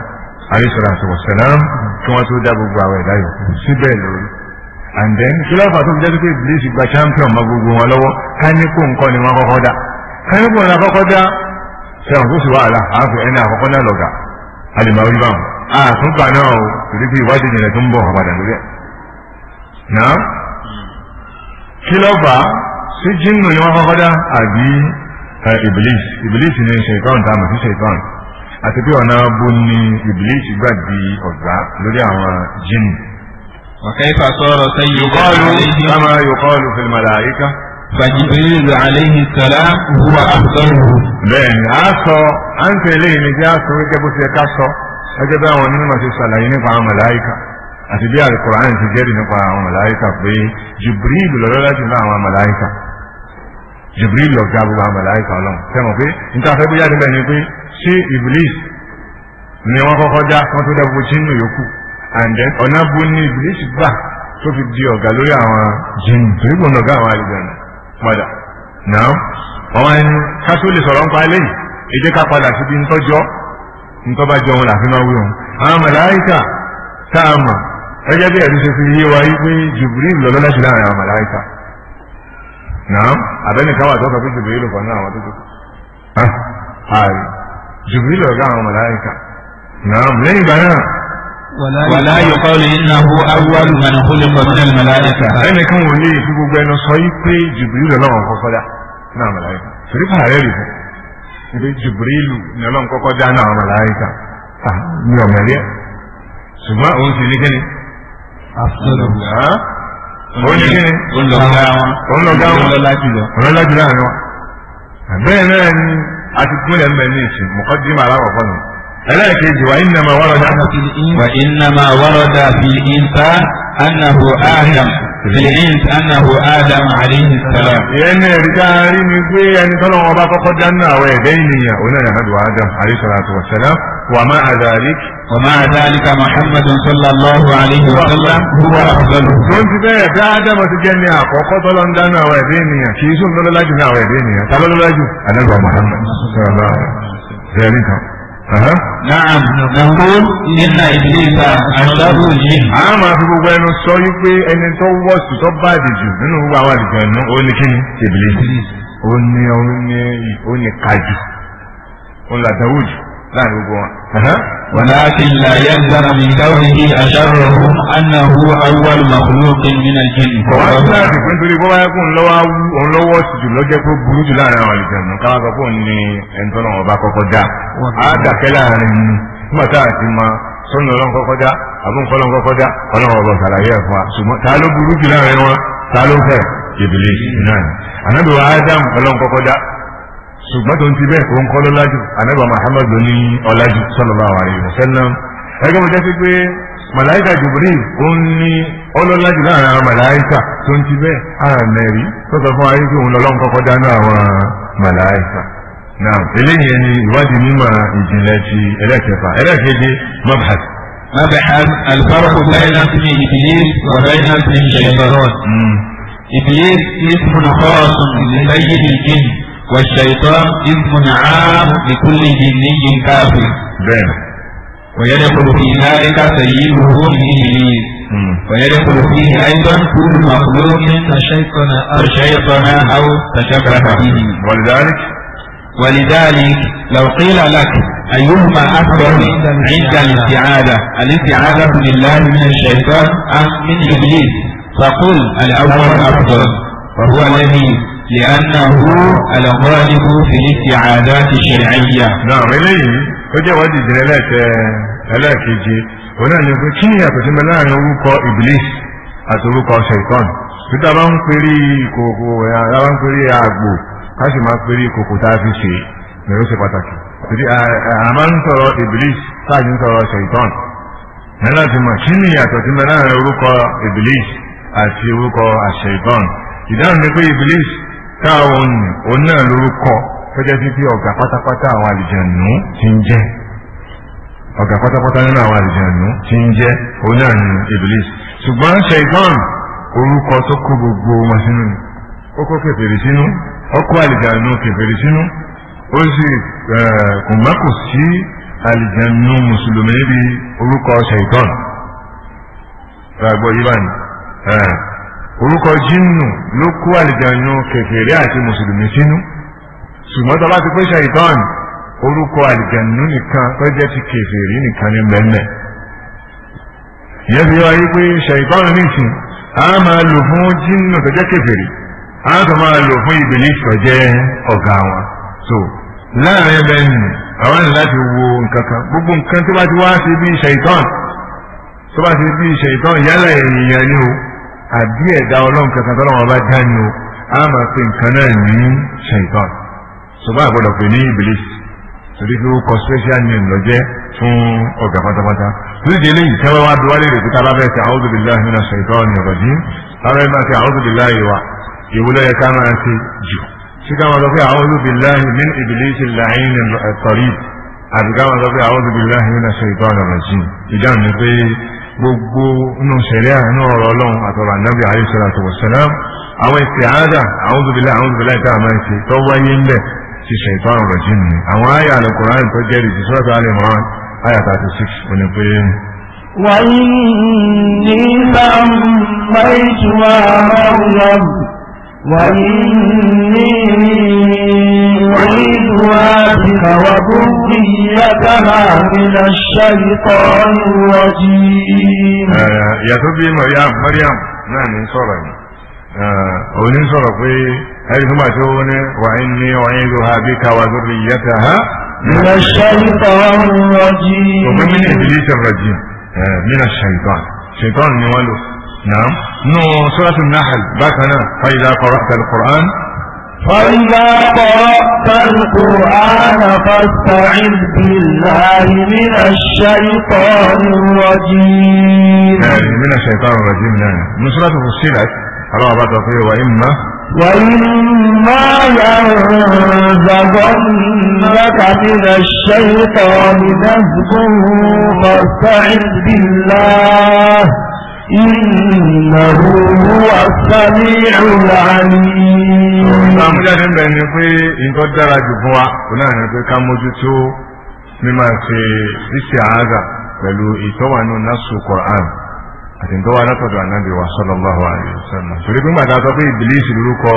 àríṣọ́ra àṣọwọ̀ sẹ́lám kí wọ́n tó dá gbogbo àwọn ẹ̀dá yòókù síbẹ̀ lórí and then kí lọ́fà tó fi jẹ́ pé iblis gba champion ma gbogbo wọn lọ́wọ́ kánípò nǹkan ni wọ́n kọ́kọ́ dá kánípò nǹkan kọ́kọ́ dá sẹ́wọ̀n tó sì wàhálà àáfẹ́ ẹni àkọ́kọ́ náà lọ́gà àlèmọ̀ orí báwọn àtúntà náà ò torí pé ìwádìí ìjìnlẹ̀ tó ń bọ̀ ọ̀padà lórí ẹ̀ náà kí ló fà á sí jinnu ni wọ́n kọ́kọ́ dá àbí iblis iblis ni ṣèkọ́n tá a mọ̀ sí ṣèkọ́n àti pé ọ̀nà bó ni iblis gbà di ọ̀gá lórí àwọn jinnu. وكيف صار سيدا يقال كما يقال في الملائكة فجبريل عليه السلام هو أفضله بين عصا أنت ليه نجي عصا وجبوا سيكاسو أجب أن نمسي سلايني مع àti bí àlùkùránì ti jẹ́rìí nípa àwọn màláíkà pé Jibril lọ́lọ́ láti bá àwọn màláíkà Jibril lọ ga gbogbo àwọn màláíkà ọlọ́run tẹ́mọ̀ pé níta fẹ́ bóyá níbẹ̀ ni pé ṣé Iblis ni wọ́n kọ́kọ́ já wọ́n tó dẹ́gbogbo jínú yòókù and then ọ̀nà bu ni Iblis gbà tó fi di ọ̀gá lórí àwọn jínú torí kò nàgá àwọn àlùjànnú padà náà wọ́n wá ní kátó lè sọ̀rọ̀ nípa eléyìí èdè ká ọjọ́ bí ẹ̀rí ṣe fi yé wa yí pé Jibril lọ lọ́lá jù láàrin àwọn màláìka náà abẹ́nìkan wà tọ́ka pé Jibril lọ́kọ̀ náà àwọn tó tó ààrẹ Jibril lọ́gá àwọn màláìka náà lẹ́yìn ìgbà náà. wàlá yọkọ lè ní ahu awúwárù mẹ́rin kó lè mọ̀ ní ẹ̀rọ màláìka. ẹnìkan wò lè fi gbogbo ẹnu sọ yí pé Jibril lọ kọ́kọ́ dá náà màláìka torí pààrẹ́ rè fún ibi Jibril lọ́lọ́ kọ́kọ́ dá náà màláìka ṣùgbọ́n òun sì ní kíni ó ní kí ni ó ń lọ gá wọn ó ń lọ gá wọn ọlọ́lá jùlọ ọlọ́lá jùlọ àárín wọn. bẹ́ẹ̀ náà ni a ti gúnlẹ̀ mbẹ́ ní ìsìn mọ̀kọ́ dín màá láwọ̀ fọ́nù. ẹlẹ́ẹ̀kejì wa innama warada. wa innama warada fi insa annahu ahlam zilins anahu adam alayhi salam. ìyẹn ẹ̀rí tá a rí ni pé ẹni tọ́lọ́ wọn bá kọ́kọ́ dáná àwọn ẹ̀dẹ́ ènìyàn òun náà nàbẹ̀dù adam alayhi salatu wa salam wa ma azalik. wa ma azalik muhammad sallallahu alayhi wa sallam huwa afdalu. tó ń ti bẹ́ẹ̀ bí adam ti jẹ́ ní àkọ́kọ́ tọ́lọ́ ń dáná àwọn ẹ̀dẹ́ ènìyàn kì í sùn lọ́lọ́lájú ní àwọn ẹ̀dẹ́ ènìyàn tá lọ́lọ́lájú. anábìwá muhammad sallallahu alayhi wa sallam. Naam, nàkún nípa ìdílé àṣàrò yìí. A máa fi gbogbo ẹnu sọ wípé ẹni tó wọ̀sù tó bá àdìjù nínú gbogbo àwọn àdìjù ẹ̀nu ó ní kíni? Ìbílẹ̀. Ó ní ó ní ó ní kájú. Ó ní àdáwò jù láàrin gbogbo wọn. ولكن لا يلزم من كونه أشرهم أنه أول مخلوق من الجن. وأنا أقول لك بابا يكون لو لو وسجل لو جاكو بروج لا أنا ولا جن كلا كون أنت لو باكو كدا هذا كلا ما تأتي ما sọ́nà ọlọ́run kọ́kọ́ dá abúnkọ́lọ́run kọ́kọ́ dá ọlọ́run ọba ṣàlàyé ẹ̀fọ́ ṣùgbọ́n ta ló burú jù láàrin wọn ta ló fẹ́ ìbílẹ̀ náà ànábìwọ̀ ṣùgbọ́n tó ń ti bẹ́ẹ̀ kó ń kọ́ lọ́lájú anábà muhammadu ní ọlájú sallallahu alaihi wasallam ẹgbẹ́ mi jẹ́ sí pé màláìka jibril ó ń ní ọlọ́lájú láàrin àwọn màláìka tó ń ti bẹ́ẹ̀ àmẹ́rí tó sọ fún ayé kí òun lọ́lọ́run kọ́kọ́ dáná àwọn màláìka náà eléyìí ni ìwádìí mímọ̀ ìjìnlẹ̀ ti ẹlẹ́kẹfà ẹlẹ́kẹje mabhas مبحث الفرق بين اسم ابليس وبين اسم الشيطان ابليس اسم خاص لسيد والشيطان اسم عام لكل جني كافر بين ويدخل في ذلك سيده إبليس ويدخل فيه أيضا كل مخلوق تشيطن أو تشيطن أو تشبه به ولذلك ولذلك لو قيل لك أيهما أكبر عند الاستعاذة الاستعاذة لله من الشيطان أم من إبليس فقل الأول أفضل وهو الذي لأنه الغالب في الاستعادات الشرعية نعم إليه وجاء ودي دلالات ألاك يجي هنا نقول كيف يقسم لنا نوقع إبليس أتوقع شيطان nígbà bá ń pèrè kòkò ẹ̀yà bá ń pèrè àgbò ká sì máa pèrè kòkò tá a fi ṣe mẹ́rọ ṣe pàtàkì torí a máa ń sọ̀rọ̀ Iblis táàjì ń sọ̀rọ̀ ṣèitán ní láti mọ̀ kí ni ìyàtọ̀ tí mẹ́rin orúkọ Iblis àti orúkọ àṣẹitán ìdáhùn ni pé Iblis táwọn nì òun náà lórúkọ gẹ́gẹ́ bí bí ọ̀gá pátápátá àwọn àlìjẹ̀nù ti ń jẹ́ ọ̀gá pátápátá nínú àwọn àlìjẹ̀nù ti ń jẹ́ òun náà ní Iblis ṣùgbọ́n ṣẹ̀gbọ́n orúkọ tó kó gbogbo wọn sínú ni ó kó kèfèrè sínú ó kó àlìjẹ̀nù kèfèrè sínú ó sì kò má kò sí àlìjẹ̀nù mùsùlùmí níbi orúkọ ṣẹ̀gbọ́n gbàgbọ́ yìí báyìí orúkọ jinnu ló kó àlìjànú kèfèrí àti mùsùlùmí sínú ṣùgbọ́n tó bá ti pé ṣàìtàn orúkọ àlìjànú nìkan tó jẹ́ ti kèfèrí nìkan ní mẹ́mẹ́ ìyẹn fi wáyé pé ṣàìtàn nìsín a máa lò fún jinnu tó jẹ́ kèfèrí a tó máa lò fún ìbílísì tó jẹ́ ọ̀gá wọn so láàrin ẹbẹ nù àwọn ènìyàn láti wo nǹkan kan gbogbo nǹkan tó bá ti wá sí bí ṣàìtàn tó bá ti bí ṣàìtàn yálà ènìyàn ni o àbí ẹ̀dá ọlọ́run kankan tó lọ́wọ́ bá dá ni o a máa pe nǹkan náà ní ṣèǹtọ́n ṣùgbọ́n àgbọ̀dọ̀ pè ní ìbílísì torí pé ó kọ special name lọ́jẹ́ fún ọ̀gá pátápátá torí délé yìí tẹ́wọ́ wá duwálé rè pé tábà bẹ́ẹ̀ ti a'udhu billahi minash shaitonir rajim tábà bẹ́ẹ̀ ti a'udhu billahi wa ìwé lọ́yẹ ká máa ti jù sí ká máa sọ pé a'udhu billahi min iblisi al-la'in at-tarib ká máa sọ pé a'udhu billahi minash shaitonir rajim ìdáhùn ni pé gbogbo nínú sẹ̀ríà nínú ọ̀rọ̀ ọlọ́run àtọ̀rọ̀ ànábì àríṣọ́lá àtọ̀wọ̀sẹ̀lám àwọn ìsìáàdà àwọn òbílẹ̀ àwọn òbílẹ̀ ìta àmà ìṣe tó wáyé ń ti ṣe ìtọ́rọ̀ rẹ̀ jìn ní àwọn àyà alukùránì tó jẹ́rìí ti sọ́tọ̀ alẹ́ mọ́ àyà 36 òní pé. wàyí ní sàmúlẹ̀ ìtura mọ́rùn وإني أعيدها بك وذريتها من الشيطان الرجيم يا تبي مريم مريم نعم صلى òní sọ̀rọ̀ pé ẹni tó máa tó ní wàhín ní wàhín ló ha bí káwa lórí yẹta ha. mina ṣaitan rajim. òmìnira ìdílé ṣe rajim mina ṣaitan ṣaitan ni wọ́n lò. نعم نو سورة النحل بكنا فإذا قرأت القرآن فإذا قرأت القرآن فاستعذ بالله من الشيطان الرجيم يعني من الشيطان الرجيم يعني من سورة فصلت بعد فيه وإما وإما ينزغنك من الشيطان نزغ فاستعذ بالله إنه هو السميع العليم Àmújáde ń bẹ̀ ni pé nǹkan dára jù fún wa, kò náà ní pé ká mójútó mímọ̀ ṣe ṣíṣe àádà pẹ̀lú ìtọ́wànú Nasu Quran àti ìtọ́wà látọ̀dọ̀ ànábì wa sallallahu alaihi wasallam. Torí pé màdá sọ pé ìbílísì lórúkọ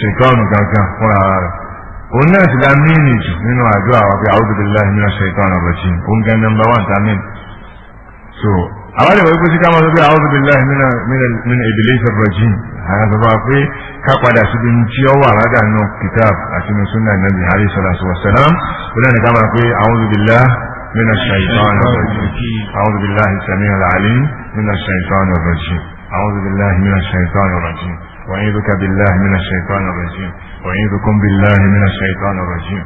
ṣètọ́nù gangan fúnra rẹ̀. Òun náà ti la jù nínú àjọ àwọn pé a'udhu billahi minash shaitanir rajim. Òun gan nọmba wà ń ta àwọn ìwé pé sí ká máa sọ pé a'udhu billahi min iblis ar-rajim àwọn àgbàgbà pé ká padà síbi tí ó wà rádà nù kitab àti nù sunnah nabi alayhi salatu wa salam ó náà ní ká máa pé a'udhu billahi min ash-shaytan ar-rajim a'udhu billahi as-sami' al-alim min ash-shaytan ar-rajim a'udhu billahi min ash-shaytan ar-rajim wa'idhuka billahi min ash-shaytan ar-rajim wa'idhukum billahi min ash rajim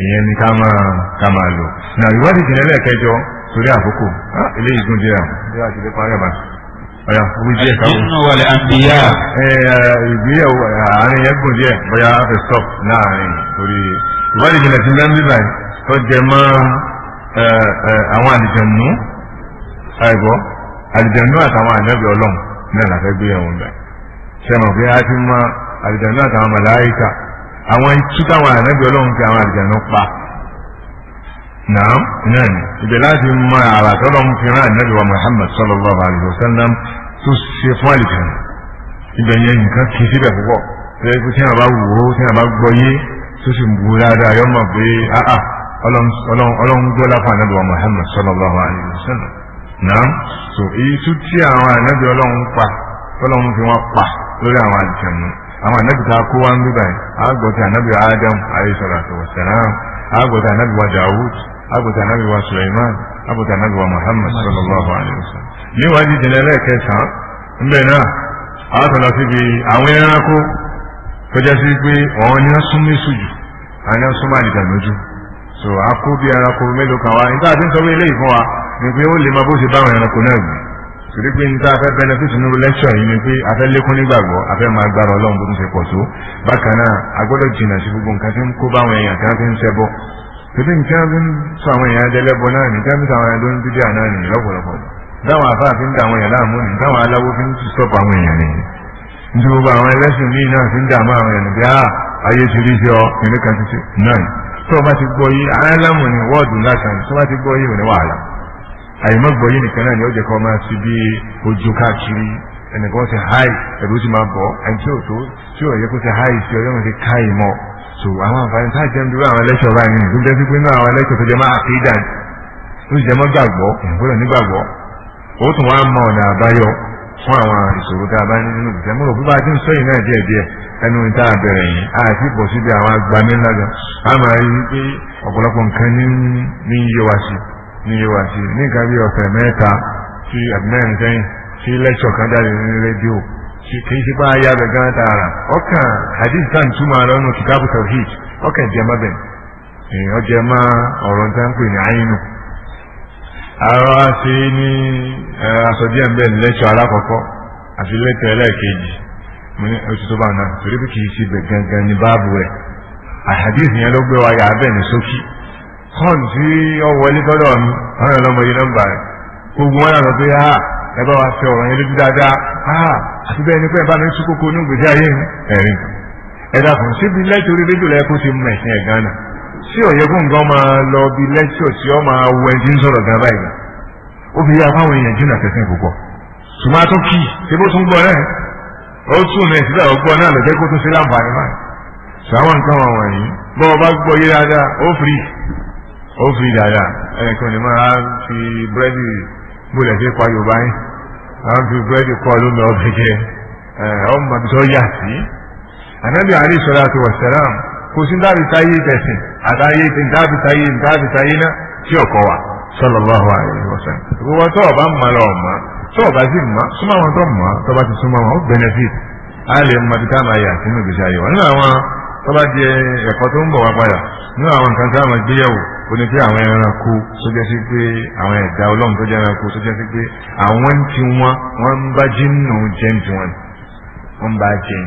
ìyẹn ní ká máa lò. nà ìwádìí torí àkókò ah. eléyìí gún díẹ̀ bí a ti lè parí àbá ọ̀yà owó díẹ̀ káwọ́. nínú wàlẹ̀ àbíyá. ìgbéyàwó àárín yẹn gùn díẹ̀ bóyá a fẹ́ stop láàrin torí ìwádìí ìjìnlẹ̀ ti lẹ́nu bíbá tó jẹ mọ́ àwọn àlìjẹ̀mú àìgbọ́ àlìjẹ̀mú àtàwọn ànábì ọlọ́run náà la fẹ́ gbéyàwó bẹ̀. ṣe pé a ti mọ àlìjẹ̀mú àtàwọn màláíkà àwọn tútàwọn ànábì ọlọ́run fi àwọn àlìjẹ̀mú pa naam naam ibẹ̀ láti mọ àrà tọ́lọ́ ń fira ànábì wa muhammad sallallahu alayhi wa sallam tó ṣe fún àlìfẹ́nu ibẹ̀ yẹn nǹkan kì í síbẹ̀ púpọ̀ ṣe kí tí a bá wò ó tí a bá gbọ́ yé tó sì ń bu dáadáa yọ mọ̀ pé áà ọlọ́run gbọ́lá fún ànábì wa muhammad sallallahu alayhi wa sallam naam so èyí tún tí àwọn ànábì ọlọ́run pa ọlọ́run fi wọ́n pa lórí àwọn àlìfẹ́nu àwọn ànábì tá a kó wá ń bíbáyìí àgbọ̀tí ànábì adam alayhi salatu wa salam agwada nabi wa Dawud agwada nabi wa Suleiman agwada nabi wa Muhammad sallallahu alayhi wa sallam níwájú ìjìnlẹ̀ a tọ̀ lọ síbi àwọn ẹranko tó jẹ́ sí pé ọ̀hún ni wọ́n súnmọ́ èso àwọn ẹran súnmọ́ so a kó bí ẹranko mélòó kan wá nígbà tí ń sọ pé eléyìí fún wa ni pé torí pé níta afẹ́ benefit nínú lecture yìí ni pé afẹ́ lékún nígbàgbọ́ afẹ́ máa gbára ọlọ́run bó ń ṣe pọ̀ tó bákan náà a gbọ́dọ̀ jìnnà sí gbogbo nǹkan tí ń kó báwọn èèyàn tí wọ́n fi ń ṣẹbọ torí nǹkan tí ń sọ àwọn èèyàn dẹlẹ́bọ náà ní nǹkan tí sọ àwọn èèyàn tó ń dídí àná nì lọ́pọ̀lọpọ̀ táwọn afáà fi ń da àwọn èèyàn láàmú ni táwọn aláwo fi ń stop àwọn èèyàn ni nítorí gbogbo àwọn ẹlẹ́sìn míì náà fi ń dààmú àwọn èèyàn bí ah, ayé ti rí sí ọ kìnìkan ti ṣe náà tó o bá ti gbọ́ yí aláàmù ni wọ́ọ̀dù lásán tó o bá ti gbọ́ yí ò ní wàhálà àyèmọ́gbọ̀ yìí nìkan náà ni ó jẹ́ kọ́ máa ṣe bí ojú káàkiri ẹnìkan ṣe háì ẹ̀rù ti máa bọ̀ ẹni tí ò tó tí ò yẹ kó ṣe háì sí ọjọ́ ti ká ìmọ̀ so àwọn àǹfààní tá a jẹ́ níbi àwọn ẹlẹ́ṣọ̀ báyìí nìyí tó jẹ́ sí pé nínú àwọn ẹlẹ́ṣọ̀ tó jẹ́ máa fi dà ó sì jẹ́ mọ́ gbàgbọ́ ìgbọ́dọ̀ nígbàgbọ́ ó tún wá mọ ọ̀nà àbáyọ fún àwọn ìṣòro tá a bá ní nínú ìgbésẹ̀ mọ́rọ̀ bí bá ń sọ yìí náà díẹ̀ díẹ̀ ẹnu ìta àbẹ̀rẹ̀ yìí àti bọ̀ síbi àwọn agbami a máa rí i ọ̀pọ̀lọpọ̀ nǹkan ní yíyọ wá sí i ní ìwà sí ní nǹkan bí ọ̀sẹ̀ mẹ́ta sí lekshọ sẹ́yìn sí kan jáde ní rédíò kìí ṣe bá yá bẹ̀ tààrà ọkàn hadith tan túmọ̀ lọ́nu kìtàbù tawhid ọkàn jẹma ọ èèyàn jẹma ọ̀rọ̀ tá ń pè ní àyínú. àrò àṣe ní asọ̀díẹ̀ ń bẹ̀ ní alákọ̀ọ́kọ́ àti lẹ́kṣọ̀ ẹlẹ́ẹ̀kejì oṣù tó bá náà torí kìí ṣe fọ́ọ̀n tí ọ wọlé tọ́lọ̀ mi àwọn ọlọ́mọ yìí nọ́mbà rẹ̀ gbogbo wọn yàtọ̀ pé ha ah, ẹ bá wa fẹ́ ọ̀rọ̀ yẹn lójú dáadáa ha ah, àti bẹ́ẹ̀ ni pé ẹ bá mi ń súnkókó ní ògbésí ayé ẹ̀rín ẹ dàkùn síbi lẹ́tọ̀rí rédíò lẹ́yìn kó ti mú ẹ̀sìn ẹ̀ gánà sí ọ̀yẹ́ fún nǹkan máa lọ bí lẹ́tọ̀ tí ọ máa wọ ẹni tí ń sọ̀rọ̀ gan báyìí ó fi yá fáwọn èèyàn jìnnà tẹ̀sán púpọ̀ ṣùgbọ́n a tún kì í ṣe bó ó fi dàda ẹnìkan ní máa fi búrẹ́dì múlẹ̀ sí pa yorùbá yín àwọn fi búrẹ́dì kọ́ ló lọ bẹ jẹ ọmọ màbí tó yà sí. ànábì àlè sọlá tó wà sẹlẹm kò sí dábì táyé tẹsán àtàyé dábì táyé dábì táyé náà tí ọkọ wa sallallahu alaihi wasallam. ìwọ tó o bá ń mọ lọ mọ tó o bá sì mọ súnmọ́ àwọn tó mọ tó bá ti súnmọ́ àwọn ó benefit. a lè mọ tó bá jẹ ẹ̀kọ́ tó ń bọ̀ wá padà nínú àwọn nǹkan tí àwọn gbéyàwó ó ní pé àwọn ẹranko tó jẹ́ sí pé àwọn ẹ̀dá ọlọ́run tó jẹ́ ẹranko tó jẹ́ sí pé àwọn tí wọ́n wọ́n ń bá jínú jẹ́ ń tí wọ́n wọ́n bá jẹ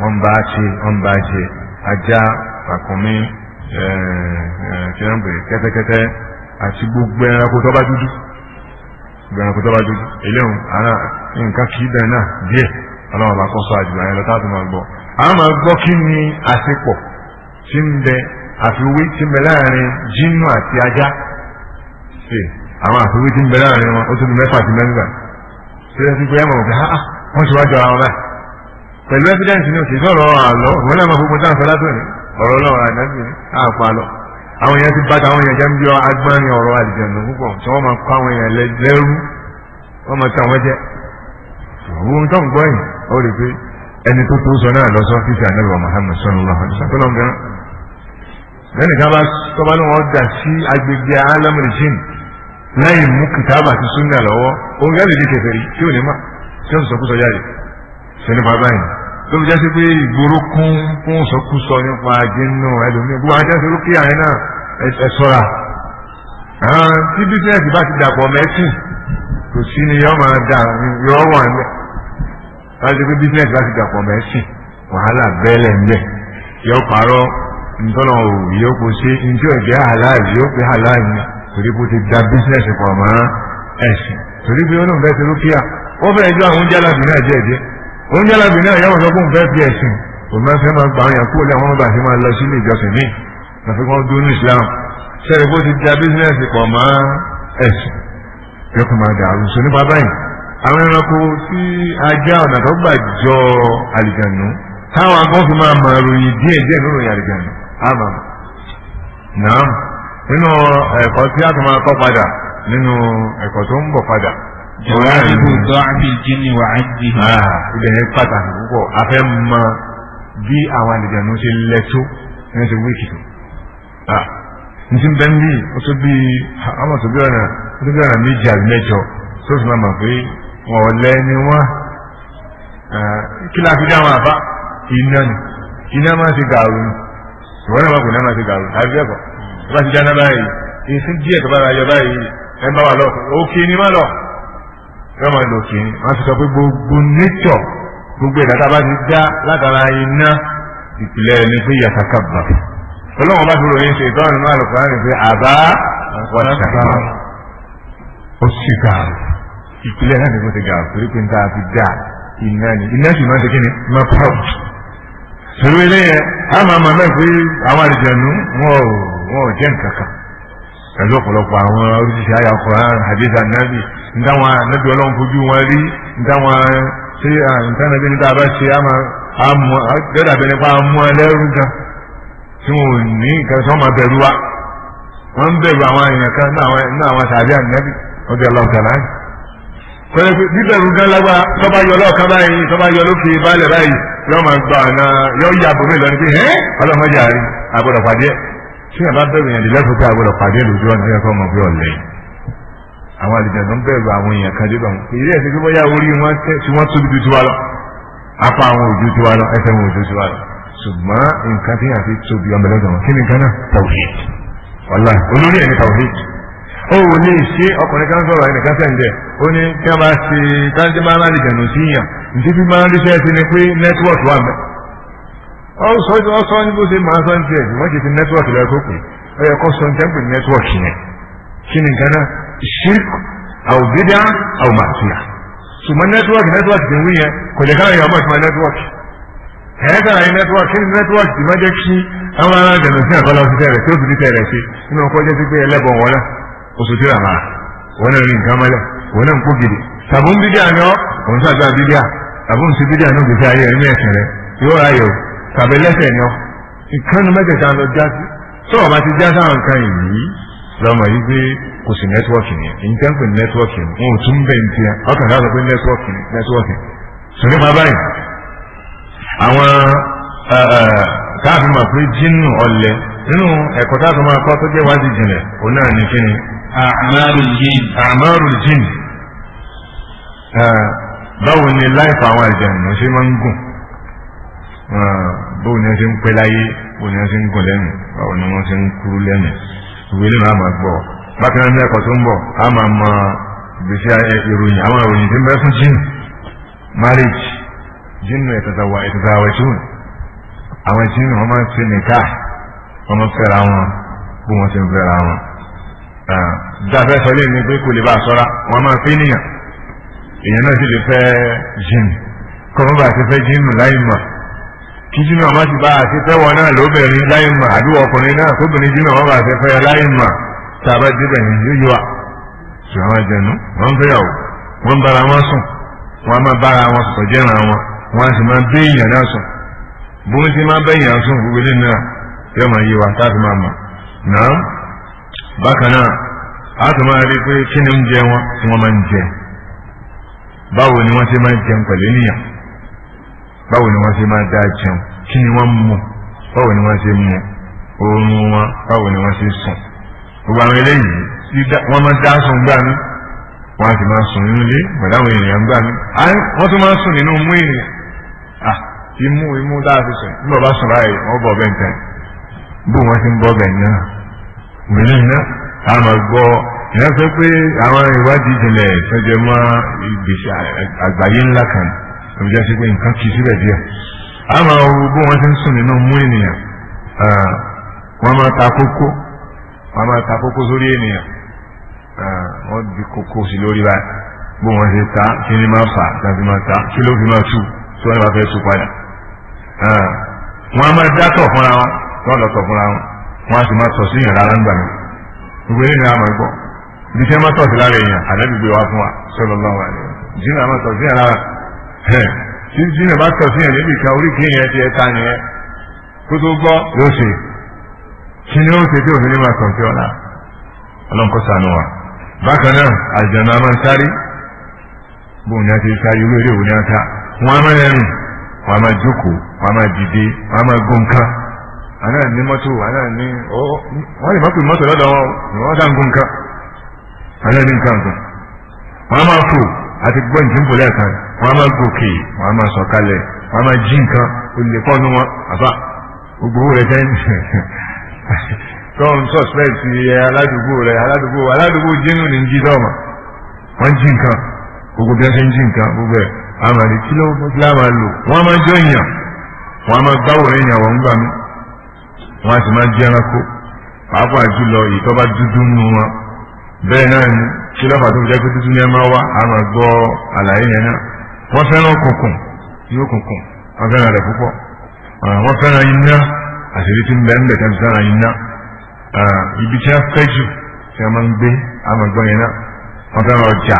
wọ́n bá ṣe wọ́n bá jẹ ajá àkùnmí kẹrànpẹ kẹ́tẹ́kẹ́tẹ́ àti gbogbo ẹranko tó bá dúdú gbogbo ẹranko tó bá dúdú eléhùn nǹkan kì í bẹ̀rẹ̀ náà díẹ̀ ọlọ́run bá àjùmọ̀ ayẹlẹ́ta tó máa gbọ́ a ma gbọ́ kí ni àsepọ̀ tí ń si àfiwé tí ń bẹ láàrin jinnu àti ajá ṣe àwọn àfiwé ń láàrin wọn ó ṣe é ti pé ẹ̀mọ̀ ah, ọ̀gá ah, wọ́n ti wá jọ àwọn báyìí pẹ̀lú ni òkè sọ̀rọ̀ àlọ́ wọn náà máa fún gbọ́dọ̀ àǹfọ̀ látọ̀ ni ọ̀rọ̀ ọlọ́run àdájọ́ ni àpò àlọ́ àwọn ti bàtà àwọn èèyàn jẹ́ ń bí agbárin ọ̀rọ̀ àdìjẹ̀nù púpọ̀ tí wọ́n máa kọ́ àwọn lẹ́rú wọ́n máa ẹni tó tó sọ náà lọ sọ fífi ànábì Muhammad sallallahu alaihi wasallam tó lọ́n gan lẹ́nu ká bá tọ́ba ní wọ́n dà sí agbègbè alámìrì jìn láì mú kìtàbà ti súnà lọ́wọ́ òun gẹ́gẹ́ lè kẹfẹ́ rí tí ò ní má tí ó sọ kú sọ jáde sẹ́ni bàbá yìí tó fi jásí pé ìgboro kún fún sọkúsọ nípa jẹ́nu ẹlòmíì gbogbo ajásí lókè àyẹ̀ náà ẹ ṣọ́ra tí bísíǹsì bá ti dàpọ̀ mẹ́sìn kò sí ni yọ́ máa dà yọ́ wà ní wọ́n ti pé business láti dàpọ̀ mẹ́sìn wàhálà bẹ́ẹ̀lẹ̀ ń bẹ̀ yọ parọ́ ntọ́nà òwì yóò kó ṣe ntí ọ̀jẹ́ halal yóò pé halal torí kó ti da business pọ̀ mọ́ ẹ̀sìn torí pé olóhùn fẹ́ ti rúkìá ó fẹ́ jọ àwọn jálàbí náà jẹ́ ẹ̀jẹ̀ òun jálàbí náà yàwó sọ fún fẹ́ fi ẹ̀sìn òun máa fẹ́ máa gbà wọn yàn kúrò lẹ́wọ̀n wọn bá ti máa lọ sílé ìjọsìn míì àfi dúró ní Islam ṣẹ́ni kó ti da business pọ̀ mọ́ ẹ̀sìn yóò kó máa dàrú sọ nípa báyìí àwọn ẹranko tí ajá ọ̀nà tó gbà jọ àlìjànú táwọn agbọ́n fi máa mọ ìròyìn díẹ̀ díẹ̀ nínú ìròyìn àlìjànú àmà náà nínú ẹ̀kọ́ tí a tún máa kọ́ padà nínú ẹ̀kọ́ tó ń bọ̀ padà. jọ̀wárìbù dọ́àbí jíní wà ibẹ̀ yẹn pàtàkì púpọ̀ a fẹ́ mọ bí àwọn àlìjànú ṣe lẹ́tọ́ ní ṣe wíìkì tó. Ah, nítí bẹ́ẹ̀ ní ó tó bí ọ̀nà méjì àbí mẹ́jọ ọ̀lẹ ni wọ́n kí la fi dá wọn àbá iná ni iná máa ti gàrú ni ìwọ náà máa kò náà máa ti gàrú àbí ẹ̀kọ́ tó bá ti dáná báyìí èsì díẹ̀ tó bá ra yọ báyìí ẹ ń bá wà lọ òkè ni má lọ yọọ máa lọ òkè ni wọ́n ti sọ pé gbogbo nẹ́tọ̀ gbogbo ẹ̀dá tá a bá ti dá látara iná ìpìlẹ̀ ẹni pé yàtà kábà ọlọ́wọ́n bá ti ròyìn ṣe ìtọ́nù náà lọ́kùnrin pé àbá wọ́n ṣàkàrọ̀ ó ṣìkàrọ̀ ìpìlẹ̀ náà ni kò ti ga torí pé níta fi dá iná ni iná sì máa ń segin ni máa pọ̀ torí eléyẹ a máa máa mẹ́ pé àwọn àlùjànnú wọn ò wọn ò jẹ́ nǹkan kan pẹ̀lú ọ̀pọ̀lọpọ̀ àwọn oríṣiríṣi àyà Kùránì hadith ànábì nítawọn ànábì ọlọ́run fojú wọn rí nítawọn ṣé àǹtánábì níta bá ṣe àmọ́ àmọ́ gẹ́gẹ́ àbẹ̀ni pa àmọ́ ẹlẹ́rú gan tí wọn ò ní nǹkan sọ́mọ bẹ̀rù wa wọ́n ń bẹ̀rù àwọn èèyàn kan náà àwọn sàbí ànábì ọdẹ ọlọ́ọ̀tà láyìí kọ́lẹ́ pé bíbẹ̀rù gan lágbára tọ́ba yọ lọ́ọ̀kan báyìí tọ́ba yọ lókè balẹ̀ báyìí yọ máa gba ọ̀nà yọ ya bòmí lọ ní pé ẹ́ ọlọ́mọdé àárín àgbọ̀dọ̀ pàdé ṣé ẹ̀ bá bẹ̀rù yẹn lẹ́fọ̀ọ́ pé àgbọ̀dọ̀ pàdé lójú ọ̀nà yẹ kọ́ ọmọ bí ọ̀lẹ́ àwọn àlùjànnú ń bẹ̀rù àwọn èèyàn kan débà wọn èyí ẹ̀sìn pé bóyá orí wọn tí wọ́n tóbi ju tiwa lọ apá àwọn ojú tiwa lọ ẹsẹ̀ wọn ojú tiwa lọ ṣùgbọ́n nǹkan tí yàtí tóbi ọmọlẹ́gbẹ̀rún kí ni nǹkan náà tàwíìd wàláì olórí ẹ̀ ní tàwíìd ó wò lè ṣe ọkùnrin kan sọ̀rọ̀ ẹnìkan sẹ̀ǹdẹ̀ ó ní kí wọ́n máa ṣe táńtí máa ń jẹ̀nù sí yàn ǹjẹ́ bí máa ń ríṣẹ́ sí ni pé nẹ́tíwọ̀tì wà mẹ́. ó sọ ní wọ́n sọ ní bó ṣe máa sọ ní tiẹ̀ wọ́n ti fi nẹ́tíwọ̀tì lọ sókè ó yẹ kó sọ ní tẹ́ǹpì nẹ́tíwọ̀tì yẹn kí ni nǹkan náà ṣírk àwògídá àwòmàtìyà ṣùgbọ́n nẹ́tíwọ̀tì nẹ́tíwọ̀tì ti wí yẹn kò lè káyọ̀ ọmọ ìfúnma nẹ́tíwọ̀tì ẹ̀ẹ́dà yìí nẹ́tíwọ̀tì kí ni nẹ́tíwọ̀tì ti máa jẹ́ kí àwọn ará jẹ̀nù sí àkọlọ́ sí tẹ̀rẹ̀ tí ó fi tẹ̀rẹ̀ sí nínú ọkọ̀ jẹ́ sí pé ẹlẹ́bọ̀n wọlé ó so tíra máa wọn náà rí nǹkan mọ́lẹ̀ wọn náà ń kó gidi tàbí ń bídíà ni ọ́ òun ṣàgbà bídíà tàbí ń ṣe bídíà náà gbèsè ayé ẹ̀mí ẹ̀sìn rẹ yóò ráyè o tàbí lẹ́sẹ̀ ni ọ́ ìkànnì mẹ́tẹ̀ẹ̀ta lọ já sí tó o bá ti já sáwọn nǹkan yìí lọ́mọ yìí pé kò sí nẹ́tíwọ́ọ̀kì ni èyí tẹ́ ń pè nẹ́tíwọ́ọ̀kì ni wọn ò tún bẹ̀ ń tiẹ̀ ọkàn ká sọ pé ni nẹ́tíwọ́ọ̀kì sọ nípa báyìí àwọn káàfin mọ̀ pé jínú nínú ẹ̀kọ́ tá a tó máa kọ́ tó jẹ́ wájú jìnlẹ̀ òun náà ní kíni àmàrùn jìn. àmàrùn jìn báwo ni láìpẹ́ àwọn àjàǹnà ṣe máa ń gùn báwo ni wọ́n ṣe ń pẹ́ láyé báwo ni wọ́n ṣe ń gùn lẹ́nu báwo ni wọ́n ṣe ń kúrú lẹ́nu ìwé lè máa máa gbọ́ bákan náà ní ẹ̀kọ́ tó ń bọ̀ á máa mọ ìgbésí ìròyìn àwọn ìròyìn tí ń bẹ fún jìn marriage jìn náà ìtàtàwà ìtàtàwà ìtúwìn àwọn jìn wọn máa ń ṣe nìka wọn máa ń fẹ́ra wọn bí wọ́n ṣe ń fẹ́ra wọn dáfẹ́ ah, sọ lé ní pé kò lè bá a sọ́ra wọ́n máa fi níyàn èèyàn náà sì lè fẹ́ jìnnì kọ́mọ́ a ti fẹ́ jìnnì láì mọ̀ kí jìnnì ọmọ ti bá a ti fẹ́ wọn náà lóbìnrin láì mọ̀ àbí ọkùnrin náà tóbìnrin jìnnì ọmọ bá a ti fẹ́ láì mọ̀ tá a bá débẹ̀ yẹn yóò yọ wa ṣùgbọ́n àwọn jẹnu wọ́n ń fẹ́yàwó wọ́n ń bára wọn sùn wọ́n á máa bára wọn sọ̀tọ̀ jẹ́ra wọn wọ́n á sì máa bẹ́ èèyàn náà sùn bóun ti máa bẹ́ èèyàn sùn gbogbo ilé bákan a tún máa rí pé kí ni oúnjẹ wọn tí máa ń jẹ báwo ni wọ́n ṣe máa ń jẹun pẹ̀lú ni ṣe máa dá jẹun kí mu báwo ni wọ́n ṣe mu oorun wọn báwo ni wọ́n ṣe sùn gbogbo àwọn eléyìí wọ́n máa dá sùn gbà mí wọ́n á sì máa sùn nínú ilé pẹ̀lú àwọn ènìyàn gbà mí wọ́n tún máa sùn nínú mú ènìyàn à imú imú dáa ti sùn sùn báyìí bọ̀ bẹ́ẹ̀ ti ń mìíràn náà a máa gbọ́ ìyẹn fẹ́ pé àwọn ìwádìí ìjìnlẹ̀ sọ́jọ́ mọ́ ìgbésí àgbáyé ńlá kan tó jẹ́ sí pé nǹkan kì í síbẹ̀ díẹ̀ a máa wo bí wọ́n ti ń sùn nínú mú ènìyàn wọ́n máa ta kókó wọ́n máa ta kókó sórí ènìyàn wọ́n di kókó sí lórí báyìí bí wọ́n ṣe ta kí ni máa fà tàbí máa ta kí ló fi máa tù tí wọ́n bá fẹ́ tù padà wọ́n á máa dátọ̀ fúnra wọn tí wọ́n lọ sọ fúnra wọn wọ́n á sì máa tọ̀ sí yàn rárá ń gbà mí gbogbo eléyìí náà máa gbọ́ ibi tí wọ́n máa tọ̀ sí lára èèyàn ànábì gbé wa fún wa sọlọ lọ́wọ́ àlẹ́ jìnnà máa tọ̀ sí yàn lára ẹ̀ tí jìnnà bá tọ̀ sí yàn níbi kan orí kí yẹn ti ẹ̀ ta nìyẹn kó tó gbọ́ ló ṣe kí ni ó ṣe tí òfin ní máa tọ̀ sí ọ̀la ọlọ́nkọ́ sànù wa bákan náà àlùjànnà máa sáré bóun ni a ti sáré irú òun ni a ta wọn á máa rìn wọn á máa jókòó wọn á máa dìde wọn á máa gún nǹkan Ana ní mọ́tò ana ni ọ́ wọ́n lè má pè mọ́tò lọ́dọ̀ wọn ni wọ́n dá nǹkan nǹkan àná ní nǹkan nǹkan wọ́n á máa fò àti gbọ́ nǹkan bò lẹ́ẹ̀kan wọ́n á máa gòkè wọ́n á máa sọ̀kalẹ̀ wọ́n á ma jí nǹkan olè pọ̀ nù wọn àbá gbogbo rẹ̀ tẹ́ tọ́hún suspect ẹ aládùúgbò rẹ̀ aládùúgbò aládùúgbò jẹ́nu ní jí tọ́ọ̀mà wọ́n jí nǹkan gbogbo bí wọ́n ṣe ń jí nǹkan gbogbo ẹ̀ àmàlẹ́ kí ló máa lò wọ́n á máa jọ èèyàn wọ́n á máa gbáwò èèyàn wọ́n gbà mí wọ́n á sì máa jẹ́ ẹranko pàápàá jùlọ ìtọ́ba dúdú nu wọn bẹ́ẹ̀ náà ni kí lọ́fà tó fi jẹ́ pé dúdú ni ẹ máa wá àmọ́ gbọ́ àlàyé yẹn náà wọ́n fẹ́ràn kùnkùn yóò kùnkùn wọ́n fẹ́ràn rẹ̀ púpọ̀ ah, wọ́n fẹ́ràn iná àṣírí tí ń bẹ ń bẹ tẹ́lẹ̀ fẹ́ràn iná ah, ibi tí wọ́n fẹ́ jù tí wọ́n máa ń gbé àmọ́ gbọ́ yẹn náà wọ́n fẹ́ràn ọjà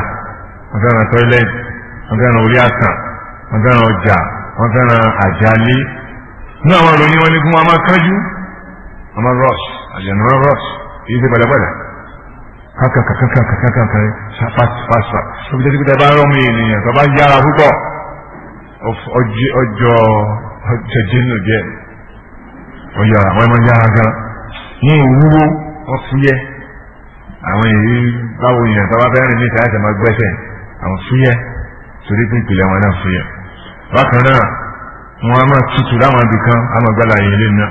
wọ́n fẹ́ràn tọ́ílẹ̀tì wọ́n fẹ́ràn orí àtàn wọ́n fẹ́ràn ọjà wọ́n fẹ́ràn àjálé ní àwọn ìròyìn wọn ni fún wa máa kájú ọmọ rush àjẹnú rush èyí ti pẹ̀lẹ́pẹ̀lẹ́ kàkàkàkàkàkàkà fast fast fast tó fi jẹ́ síbi tẹ́ bá rọ́ mi ènìyàn tó bá yára púpọ̀ ọjọ́ ọjọ́ jẹ́nu díẹ̀ ọ̀yàrá wọ́n máa yára gan ní ìwúwo ọ̀fúyẹ́ àwọn èyí báwo yẹn tó bá fẹ́ rìn níta ẹ̀sẹ̀ máa gbẹ́sẹ̀ àwọn fúyẹ́ torí pé ìpìlẹ̀ wọn náà fúyẹ́ bákan náà wọn a máa tutù láwọn ibì kan a máa gbálà yìí lé náà.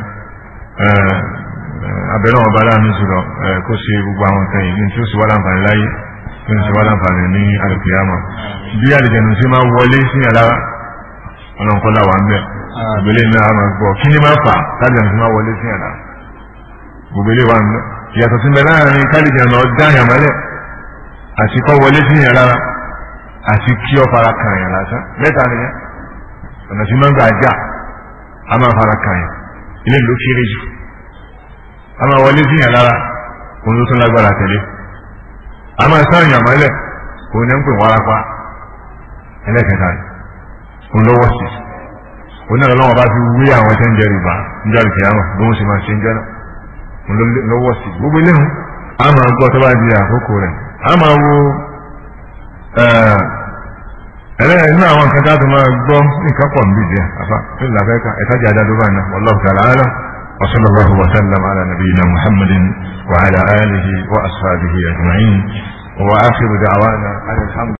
Eh, abẹ́rẹ́ ọba láàánú jùlọ eh, kó ṣe gbogbo àwọn nǹkan yìí ní tí ó sì wá láǹfààní láyé tó ń ṣe wá láǹfààní ní alùpùpù bí àlìjẹ̀nù sí máa wọlé sí yàrá ọlọ́nkọ́lá wà ń bẹ̀ ìgbélé náà máa gbọ́ kí ni máa fà tàlìjẹ̀nù sí máa wọlé sí yàrá gbogbo ilé wà ń bẹ̀ ìyàtọ̀ sí bẹ láàrin kálíjẹ̀nù ọjà àyàmọ́lẹ̀ àti kọ́ wọlé sí yàrá àti kí ọ fara yàn lásán mẹ́ta nìyẹn ọ̀nà tí máa gbà já a máa fara yàn ilé ìlú kéré jù a máa wọlé síyàn lára òun ló tún lágbára tẹ̀lé a máa sáàyàn mọ́lẹ̀ òun ní ń pè wárápá ẹlẹ́kẹta rẹ̀ lọ́wọ́ sí bá fi wí àwọn tẹ́ ń jẹ rìbá ń jọ àlùkè àwọn bí wọ́n ṣe máa ṣe ń jẹ́ náà òun lọ́wọ́ sí gbogbo eléhùn a máa gbọ́ tó bá di àkókò rẹ̀ a máa wo ẹlẹ́yìn inú àwọn nǹkan táàtù máa gbọ́ nǹkan pọ̀ níbi jẹ́ afa fún làkẹ́kà ẹ̀ka jẹ́ àdá dúró àná wallahu ta'ala wa sallallahu wa sallam ala nabiyyina muhammadin wa ala alihi wa ashabihi ajma'in wa akhiru da'wana alhamdu